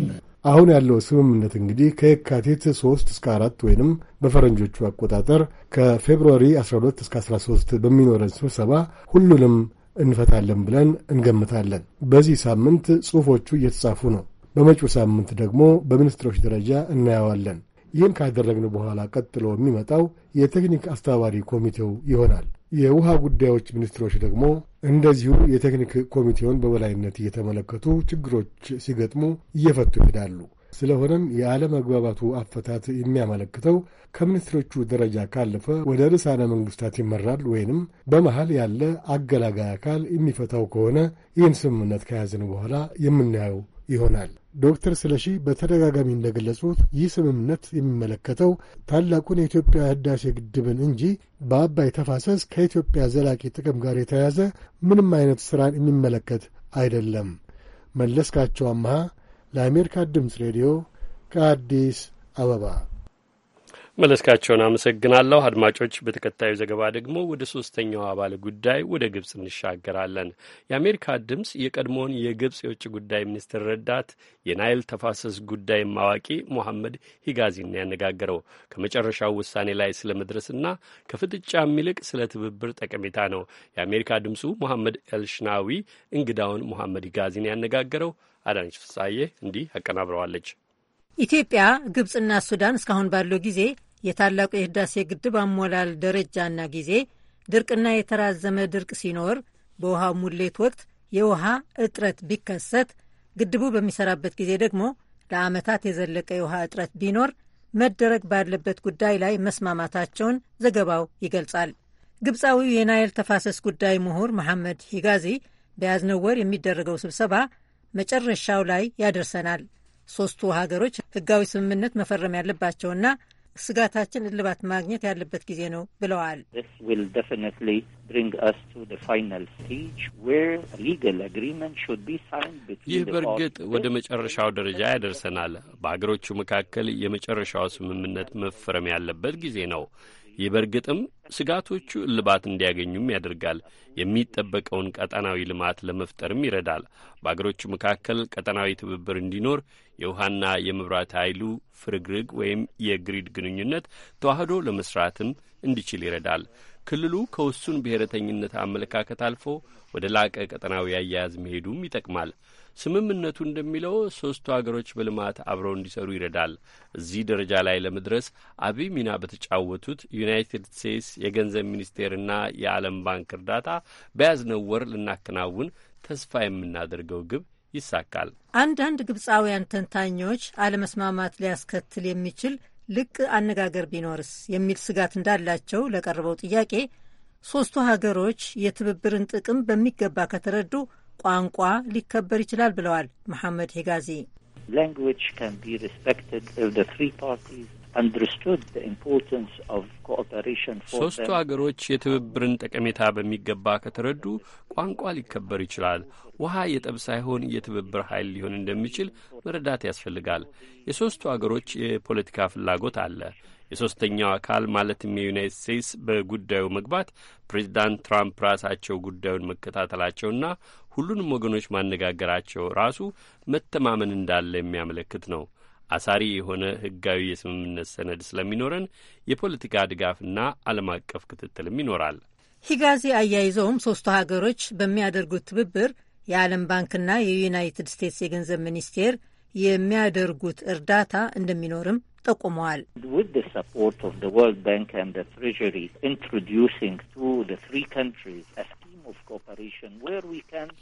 አሁን ያለው ስምምነት እንግዲህ ከየካቲት 3 እስከ 4 ወይንም በፈረንጆቹ አቆጣጠር ከፌብሪ 12 እስከ 13 በሚኖረን ስብሰባ ሁሉንም እንፈታለን ብለን እንገምታለን። በዚህ ሳምንት ጽሑፎቹ እየተጻፉ ነው። በመጪው ሳምንት ደግሞ በሚኒስትሮች ደረጃ እናየዋለን። ይህን ካደረግን በኋላ ቀጥሎ የሚመጣው የቴክኒክ አስተባባሪ ኮሚቴው ይሆናል። የውሃ ጉዳዮች ሚኒስትሮች ደግሞ እንደዚሁ የቴክኒክ ኮሚቴውን በበላይነት እየተመለከቱ ችግሮች ሲገጥሙ እየፈቱ ይሄዳሉ። ስለሆነም የአለመግባባቱ አፈታት የሚያመለክተው ከሚኒስትሮቹ ደረጃ ካለፈ ወደ ርዕሳነ መንግስታት ይመራል ወይንም በመሃል ያለ አገላጋይ አካል የሚፈታው ከሆነ ይህን ስምምነት ከያዝን በኋላ የምናየው ይሆናል። ዶክተር ስለሺ በተደጋጋሚ እንደገለጹት ይህ ስምምነት የሚመለከተው ታላቁን የኢትዮጵያ ህዳሴ ግድብን እንጂ በአባይ ተፋሰስ ከኢትዮጵያ ዘላቂ ጥቅም ጋር የተያያዘ ምንም አይነት ሥራን የሚመለከት አይደለም። መለስካቸው አምሃ ለአሜሪካ ድምፅ ሬዲዮ ከአዲስ አበባ መለስካቸውን አመሰግናለሁ። አድማጮች፣ በተከታዩ ዘገባ ደግሞ ወደ ሶስተኛው አባል ጉዳይ ወደ ግብፅ እንሻገራለን። የአሜሪካ ድምፅ የቀድሞውን የግብፅ የውጭ ጉዳይ ሚኒስትር ረዳት የናይል ተፋሰስ ጉዳይ ማዋቂ ሞሐመድ ሂጋዚን ያነጋገረው ከመጨረሻው ውሳኔ ላይ ስለ መድረስና ከፍጥጫም ይልቅ ስለ ትብብር ጠቀሜታ ነው። የአሜሪካ ድምፁ ሞሐመድ ኤልሽናዊ እንግዳውን ሞሐመድ ሂጋዚን ያነጋገረው አዳነች ፍሳዬ እንዲህ አቀናብረዋለች። ኢትዮጵያ፣ ግብጽና ሱዳን እስካሁን ባለው ጊዜ የታላቁ የህዳሴ ግድብ አሞላል ደረጃና ጊዜ፣ ድርቅና የተራዘመ ድርቅ ሲኖር፣ በውሃ ሙሌት ወቅት የውሃ እጥረት ቢከሰት፣ ግድቡ በሚሰራበት ጊዜ ደግሞ ለዓመታት የዘለቀ የውሃ እጥረት ቢኖር መደረግ ባለበት ጉዳይ ላይ መስማማታቸውን ዘገባው ይገልጻል። ግብፃዊው የናይል ተፋሰስ ጉዳይ ምሁር መሐመድ ሂጋዚ በያዝነው ወር የሚደረገው ስብሰባ መጨረሻው ላይ ያደርሰናል ሶስቱ ሀገሮች ህጋዊ ስምምነት መፈረም ያለባቸውና ስጋታችን እልባት ማግኘት ያለበት ጊዜ ነው ብለዋል። ይህ በእርግጥ ወደ መጨረሻው ደረጃ ያደርሰናል። በሀገሮቹ መካከል የመጨረሻው ስምምነት መፈረም ያለበት ጊዜ ነው። ይህ በእርግጥም ስጋቶቹ እልባት እንዲያገኙም ያደርጋል። የሚጠበቀውን ቀጠናዊ ልማት ለመፍጠርም ይረዳል። በአገሮቹ መካከል ቀጠናዊ ትብብር እንዲኖር የውሃና የመብራት ኃይሉ ፍርግርግ ወይም የግሪድ ግንኙነት ተዋህዶ ለመስራትም እንዲችል ይረዳል። ክልሉ ከውሱን ብሔረተኝነት አመለካከት አልፎ ወደ ላቀ ቀጠናዊ አያያዝ መሄዱም ይጠቅማል። ስምምነቱ እንደሚለው ሦስቱ አገሮች በልማት አብረው እንዲሰሩ ይረዳል። እዚህ ደረጃ ላይ ለመድረስ አብይ ሚና በተጫወቱት ዩናይትድ ስቴትስ የገንዘብ ሚኒስቴርና የዓለም ባንክ እርዳታ በያዝነው ወር ልናከናውን ተስፋ የምናደርገው ግብ ይሳካል። አንዳንድ ግብፃውያን ተንታኞች አለመስማማት ሊያስከትል የሚችል ልቅ አነጋገር ቢኖርስ የሚል ስጋት እንዳላቸው ለቀረበው ጥያቄ ሶስቱ ሀገሮች የትብብርን ጥቅም በሚገባ ከተረዱ ቋንቋ ሊከበር ይችላል ብለዋል መሐመድ ሄጋዚ። ሶስቱ አገሮች የትብብርን ጠቀሜታ በሚገባ ከተረዱ ቋንቋ ሊከበር ይችላል። ውሃ የጠብ ሳይሆን የትብብር ኃይል ሊሆን እንደሚችል መረዳት ያስፈልጋል። የሦስቱ አገሮች የፖለቲካ ፍላጎት አለ። የሦስተኛው አካል ማለትም የዩናይትድ ስቴትስ በጉዳዩ መግባት ፕሬዚዳንት ትራምፕ ራሳቸው ጉዳዩን መከታተላቸውና ሁሉንም ወገኖች ማነጋገራቸው ራሱ መተማመን እንዳለ የሚያመለክት ነው። አሳሪ የሆነ ህጋዊ የስምምነት ሰነድ ስለሚኖረን የፖለቲካ ድጋፍና ዓለም አቀፍ ክትትልም ይኖራል። ሂጋዚ አያይዘውም ሶስቱ ሀገሮች በሚያደርጉት ትብብር የዓለም ባንክና የዩናይትድ ስቴትስ የገንዘብ ሚኒስቴር የሚያደርጉት እርዳታ እንደሚኖርም ጠቁመዋል።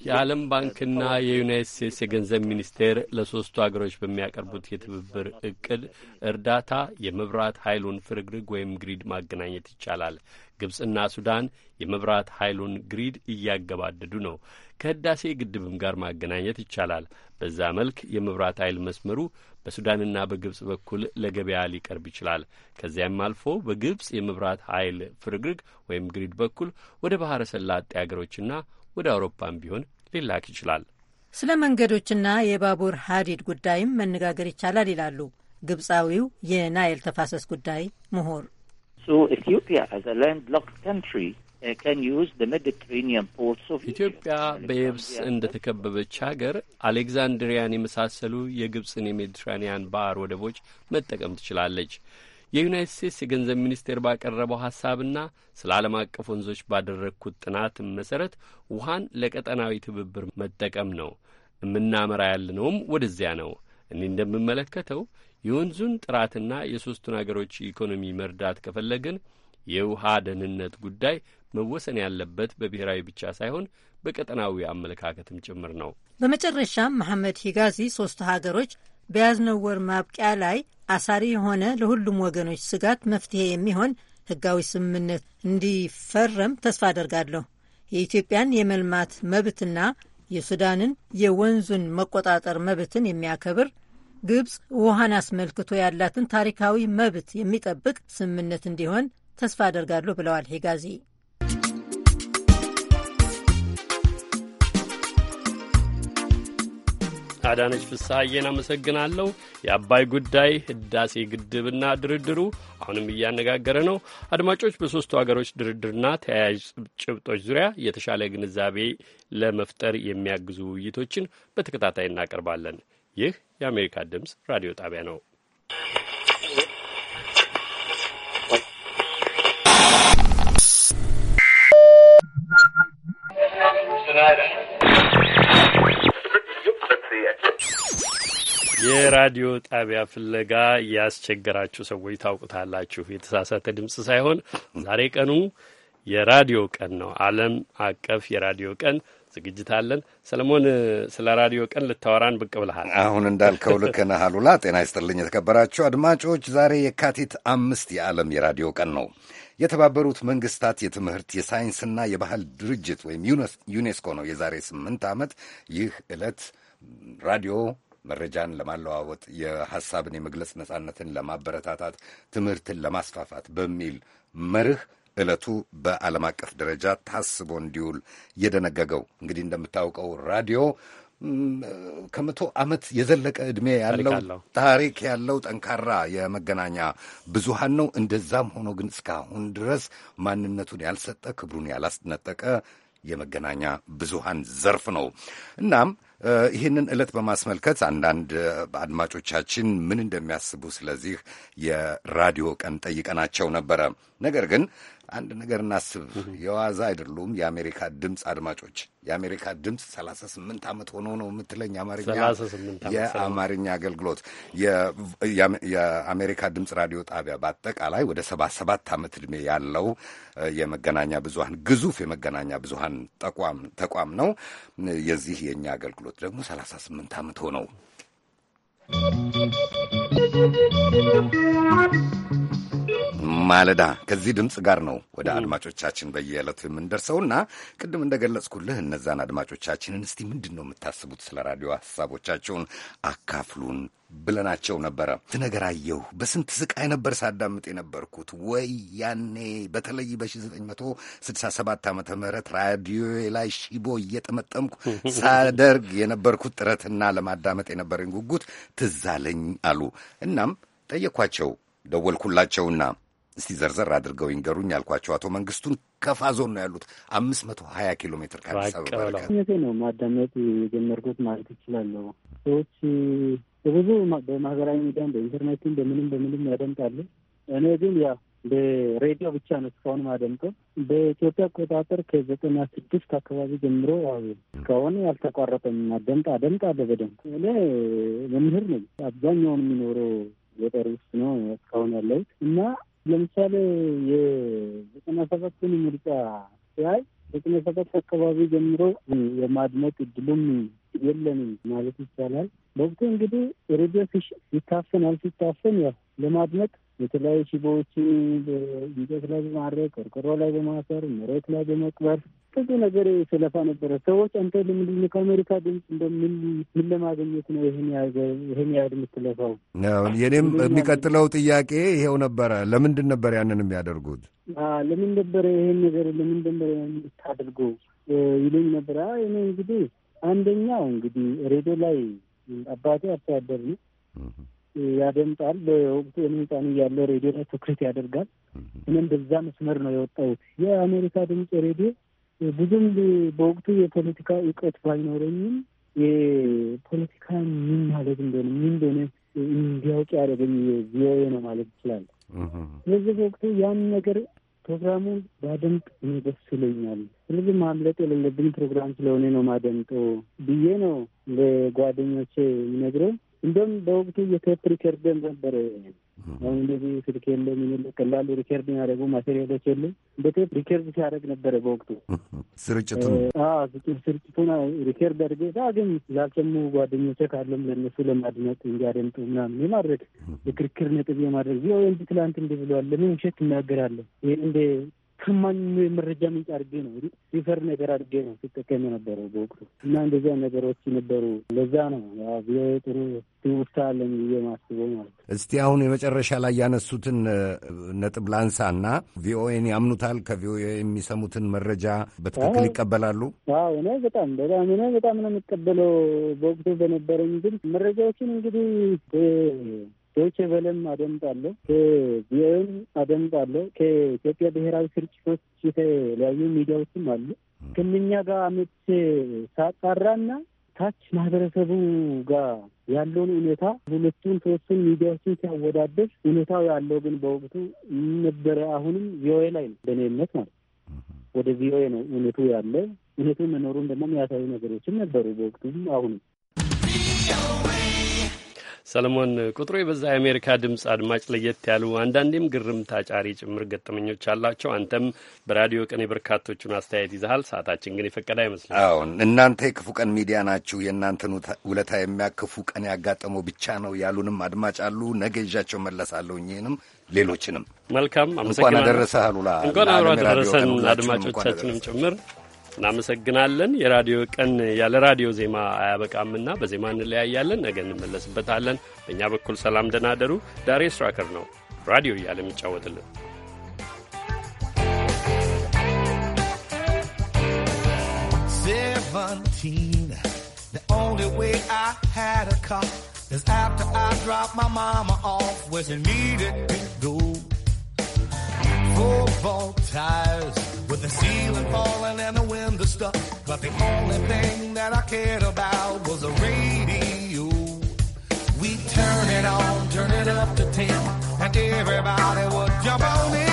የዓለም ባንክና የዩናይት ስቴትስ የገንዘብ ሚኒስቴር ለሶስቱ አገሮች በሚያቀርቡት የትብብር እቅድ እርዳታ የመብራት ኃይሉን ፍርግርግ ወይም ግሪድ ማገናኘት ይቻላል። ግብጽና ሱዳን የመብራት ኃይሉን ግሪድ እያገባደዱ ነው። ከህዳሴ ግድብም ጋር ማገናኘት ይቻላል። በዛ መልክ የመብራት ኃይል መስመሩ በሱዳንና በግብጽ በኩል ለገበያ ሊቀርብ ይችላል። ከዚያም አልፎ በግብጽ የመብራት ኃይል ፍርግርግ ወይም ግሪድ በኩል ወደ ባህረ ሰላጤ አገሮችና ወደ አውሮፓም ቢሆን ሊላክ ይችላል። ስለ መንገዶችና የባቡር ሀዲድ ጉዳይም መነጋገር ይቻላል ይላሉ ግብፃዊው የናይል ተፋሰስ ጉዳይ ምሁር። ኢትዮጵያ በየብስ እንደተከበበች ሀገር አሌግዛንድሪያን የመሳሰሉ የግብፅን የሜዲትራኒያን ባህር ወደቦች መጠቀም ትችላለች። የዩናይት ስቴትስ የገንዘብ ሚኒስቴር ባቀረበው ሀሳብና ስለ ዓለም አቀፍ ወንዞች ባደረግኩት ጥናት መሰረት ውሃን ለቀጠናዊ ትብብር መጠቀም ነው። የምናመራ ያለነውም ወደዚያ ነው። እኔ እንደምመለከተው የወንዙን ጥራትና የሦስቱን አገሮች ኢኮኖሚ መርዳት ከፈለግን የውሃ ደህንነት ጉዳይ መወሰን ያለበት በብሔራዊ ብቻ ሳይሆን በቀጠናዊ አመለካከትም ጭምር ነው። በመጨረሻም መሐመድ ሂጋዚ ሶስቱ ሀገሮች በያዝነው ወር ማብቂያ ላይ አሳሪ የሆነ ለሁሉም ወገኖች ስጋት መፍትሄ የሚሆን ህጋዊ ስምምነት እንዲፈረም ተስፋ አደርጋለሁ። የኢትዮጵያን የመልማት መብትና የሱዳንን የወንዙን መቆጣጠር መብትን የሚያከብር ግብፅ ውሃን አስመልክቶ ያላትን ታሪካዊ መብት የሚጠብቅ ስምምነት እንዲሆን ተስፋ አደርጋለሁ ብለዋል ሄጋዚ። አዳነች ፍስሐዬን አመሰግናለሁ። የአባይ ጉዳይ ህዳሴ ግድብና ድርድሩ አሁንም እያነጋገረ ነው። አድማጮች፣ በሶስቱ ሀገሮች ድርድርና ተያያዥ ጭብጦች ዙሪያ የተሻለ ግንዛቤ ለመፍጠር የሚያግዙ ውይይቶችን በተከታታይ እናቀርባለን። ይህ የአሜሪካ ድምፅ ራዲዮ ጣቢያ ነው። የራዲዮ ጣቢያ ፍለጋ ያስቸገራችሁ ሰዎች ታውቁታላችሁ። የተሳሳተ ድምፅ ሳይሆን ዛሬ ቀኑ የራዲዮ ቀን ነው። ዓለም አቀፍ የራዲዮ ቀን ዝግጅት አለን። ሰለሞን፣ ስለ ራዲዮ ቀን ልታወራን ብቅ ብልሃል። አሁን እንዳልከው ልክ ነህ አሉላ። ጤና ይስጥልኝ የተከበራችሁ አድማጮች፣ ዛሬ የካቲት አምስት የዓለም የራዲዮ ቀን ነው። የተባበሩት መንግስታት የትምህርት የሳይንስና የባህል ድርጅት ወይም ዩኔስኮ ነው የዛሬ ስምንት ዓመት ይህ ዕለት ራዲዮ መረጃን ለማለዋወጥ የሐሳብን የመግለጽ ነጻነትን ለማበረታታት ትምህርትን ለማስፋፋት በሚል መርህ ዕለቱ በዓለም አቀፍ ደረጃ ታስቦ እንዲውል የደነገገው እንግዲህ እንደምታውቀው ራዲዮ ከመቶ ዓመት የዘለቀ ዕድሜ ያለው ታሪክ ያለው ጠንካራ የመገናኛ ብዙሃን ነው። እንደዛም ሆኖ ግን እስካሁን ድረስ ማንነቱን ያልሰጠ ክብሩን ያላስነጠቀ የመገናኛ ብዙሃን ዘርፍ ነው። እናም ይህንን ዕለት በማስመልከት አንዳንድ አድማጮቻችን ምን እንደሚያስቡ ስለዚህ የራዲዮ ቀን ጠይቀናቸው ነበረ። ነገር ግን አንድ ነገር እናስብ። የዋዛ አይደሉም የአሜሪካ ድምፅ አድማጮች። የአሜሪካ ድምፅ ሰላሳ ስምንት ዓመት ሆኖ ነው የምትለኝ አማርኛ የአማርኛ አገልግሎት የአሜሪካ ድምፅ ራዲዮ ጣቢያ በአጠቃላይ ወደ ሰባ ሰባት ዓመት ዕድሜ ያለው የመገናኛ ብዙሀን ግዙፍ የመገናኛ ብዙሀን ተቋም ነው። የዚህ የእኛ አገልግሎት ደግሞ ሰላሳ ዓመት ሆነው ማለዳ ከዚህ ድምፅ ጋር ነው ወደ አድማጮቻችን በየዕለቱ የምንደርሰውና ቅድም እንደገለጽኩልህ እነዛን አድማጮቻችንን እስቲ ምንድን ነው የምታስቡት ስለ ራዲዮ ሀሳቦቻቸውን አካፍሉን ብለናቸው ነበረ። ትነገራየሁ በስንት ስቃይ ነበር ሳዳምጥ የነበርኩት ወይ ያኔ በተለይ በ1967 ዓ ም ራዲዮ ላይ ሺቦ እየጠመጠምኩ ሳደርግ የነበርኩት ጥረትና ለማዳመጥ የነበረኝ ጉጉት ትዝ አለኝ አሉ። እናም ጠየኳቸው፣ ደወልኩላቸውና እስቲ ዘርዘር አድርገው ይንገሩኝ ያልኳቸው አቶ መንግስቱን ከፋ ዞን ነው ያሉት። አምስት መቶ ሀያ ኪሎ ሜትር ከአዲስ አበባ ነው ማዳመጥ የጀመርኩት ማለት ይችላለሁ። ሰዎች በብዙ በማህበራዊ ሚዲያም በኢንተርኔትም በምንም በምንም ያደምጣሉ። እኔ ግን ያ በሬዲዮ ብቻ ነው እስካሁን ማደምጠው። በኢትዮጵያ አቆጣጠር ከዘጠና ስድስት አካባቢ ጀምሮ እስካሁን አልተቋረጠም። አደምጥ አደምጥ አለ በደምብ እኔ መምህር ነኝ። አብዛኛውን የሚኖረው ገጠር ውስጥ ነው እስካሁን ያለሁት እና ለምሳሌ የዘጠና ምርጫ ሲያይ ዘጠና ሰባት አካባቢ ጀምሮ የማድመጥ እድሉም የለንም ማለት ይቻላል። በወቅቱ እንግዲህ ሬዲዮ ይታፈናል። ሲታፈን ያው ለማድመቅ የተለያዩ ሽቦዎችን እንጨት ላይ በማድረግ ቆርቆሮ ላይ በማሰር መሬት ላይ በመቅበር ብዙ ነገር ሰለፋ ነበረ። ሰዎች አንተ ለምንድነው ከአሜሪካ ድምፅ እንደምን ምን ለማግኘት ነው ይህን ይህን ያህል የምትለፋው? የኔም የሚቀጥለው ጥያቄ ይሄው ነበረ። ለምንድን ነበር ያንን የሚያደርጉት? ለምን ነበረ ይህን ነገር ለምን ነበረ የምታደርገው ይለኝ ነበረ። እኔ እንግዲህ አንደኛው እንግዲህ ሬዲዮ ላይ አባቴ አርሶ አደር ነው፣ ያደምጣል። በወቅቱ እኔ ያለው ሬዲዮ ላይ ትኩረት ያደርጋል። እኔም በዛ መስመር ነው የወጣሁት። የአሜሪካ ድምፅ ሬዲዮ ብዙም በወቅቱ የፖለቲካ እውቀት ባይኖረኝም የፖለቲካ ምን ማለት እንደሆነ ምን እንደሆነ እንዲያውቅ ያደረገኝ ቪኦኤ ነው ማለት ይችላል። ስለዚህ በወቅቱ ያን ነገር ፕሮግራሙን ባደምጥ እኔ ደስ ይለኛል። ስለዚህ ማምለጥ የሌለብኝ ፕሮግራም ስለሆነ ነው ማደምጠው ብዬ ነው ለጓደኞቼ የሚነግረው። እንደውም በወቅቱ የቴፕ ሪከርደር ነበረ አሁን እንደዚህ ስልክ የለም የሚል ቀላሉ ሪከርድ ያደረጉ ማቴሪያሎች የሉ በቴፕ ሪከርድ ሲያደርግ ነበረ። በወቅቱ ስርጭቱን ስርጭቱን ሪከርድ አድርገ ግን ላልሰሙ ጓደኞቼ ካለም ለእነሱ ለማድመጥ እንዲያደምጡ ምናምን የማድረግ የክርክር ነጥብ የማድረግ ዚ ትላንት እንዲህ ብለዋል። ለምን ውሸት እናገራለን? ይህ እንደ ከማኝ መረጃ ምንጭ አድርጌ ነው ሪፈር ነገር አድርጌ ነው ሲጠቀም የነበረው በወቅቱ እና እንደዚያ ነገሮች ነበሩ። ለዛ ነው ጥሩ ትውስታ አለኝ ብዬ ማስበው ማለት ነው። እስቲ አሁን የመጨረሻ ላይ ያነሱትን ነጥብ ላንሳና ቪኦኤን ያምኑታል? ከቪኦኤ የሚሰሙትን መረጃ በትክክል ይቀበላሉ? አዎ እኔ በጣም በጣም እኔ በጣም ነው የሚቀበለው። በወቅቱ በነበረኝ ግን መረጃዎችን እንግዲህ ዶቼ ቬለም አደምጣለሁ፣ ቪኦኤም አደምጣለሁ። ከኢትዮጵያ ብሔራዊ ስርጭቶች የተለያዩ ሚዲያዎችም አሉ። ከምኛ ጋር አመት ሳጣራና ታች ማህበረሰቡ ጋር ያለውን ሁኔታ ሁለቱን ሶስቱን ሚዲያዎችን ሲያወዳደር ሁኔታው ያለው ግን በወቅቱ ነበረ። አሁንም ቪኦኤ ላይ ነው በእኔ እምነት ማለት ወደ ቪኦኤ ነው እውነቱ ያለ እውነቱ መኖሩን ደግሞ የሚያሳዩ ነገሮችም ነበሩ በወቅቱም አሁንም ሰለሞን ቁጥሩ የበዛ የአሜሪካ ድምፅ አድማጭ ለየት ያሉ አንዳንዴም ግርም ታጫሪ ጭምር ገጠመኞች አላቸው። አንተም በራዲዮ ቀን የበርካቶቹን አስተያየት ይዘሃል። ሰዓታችን ግን የፈቀደ አይመስልም። አዎን፣ እናንተ የክፉ ቀን ሚዲያ ናችሁ። የእናንተን ውለታ የሚያክፉ ቀን ያጋጠመው ብቻ ነው ያሉንም አድማጭ አሉ። ነገ ይዣቸው መለሳለሁ። እኚህንም ሌሎችንም መልካም አመሰግናለሁ። እንኳን አደረሰህ አሉላ። እንኳን አብሮ አደረሰን አድማጮቻችንም ጭምር እናመሰግናለን። የራዲዮ ቀን ያለ ራዲዮ ዜማ አያበቃምና በዜማ እንለያያለን። ነገ እንመለስበታለን። በእኛ በኩል ሰላም ደናደሩ። ዳሬ ስራከር ነው ራዲዮ እያለ የሚጫወትልን the only way I had a car is after I dropped my mama off, needed to go. cobalt tires with the ceiling falling and the window stuck. But the only thing that I cared about was the radio. We turn it on, turn it up to ten, and everybody would jump on it.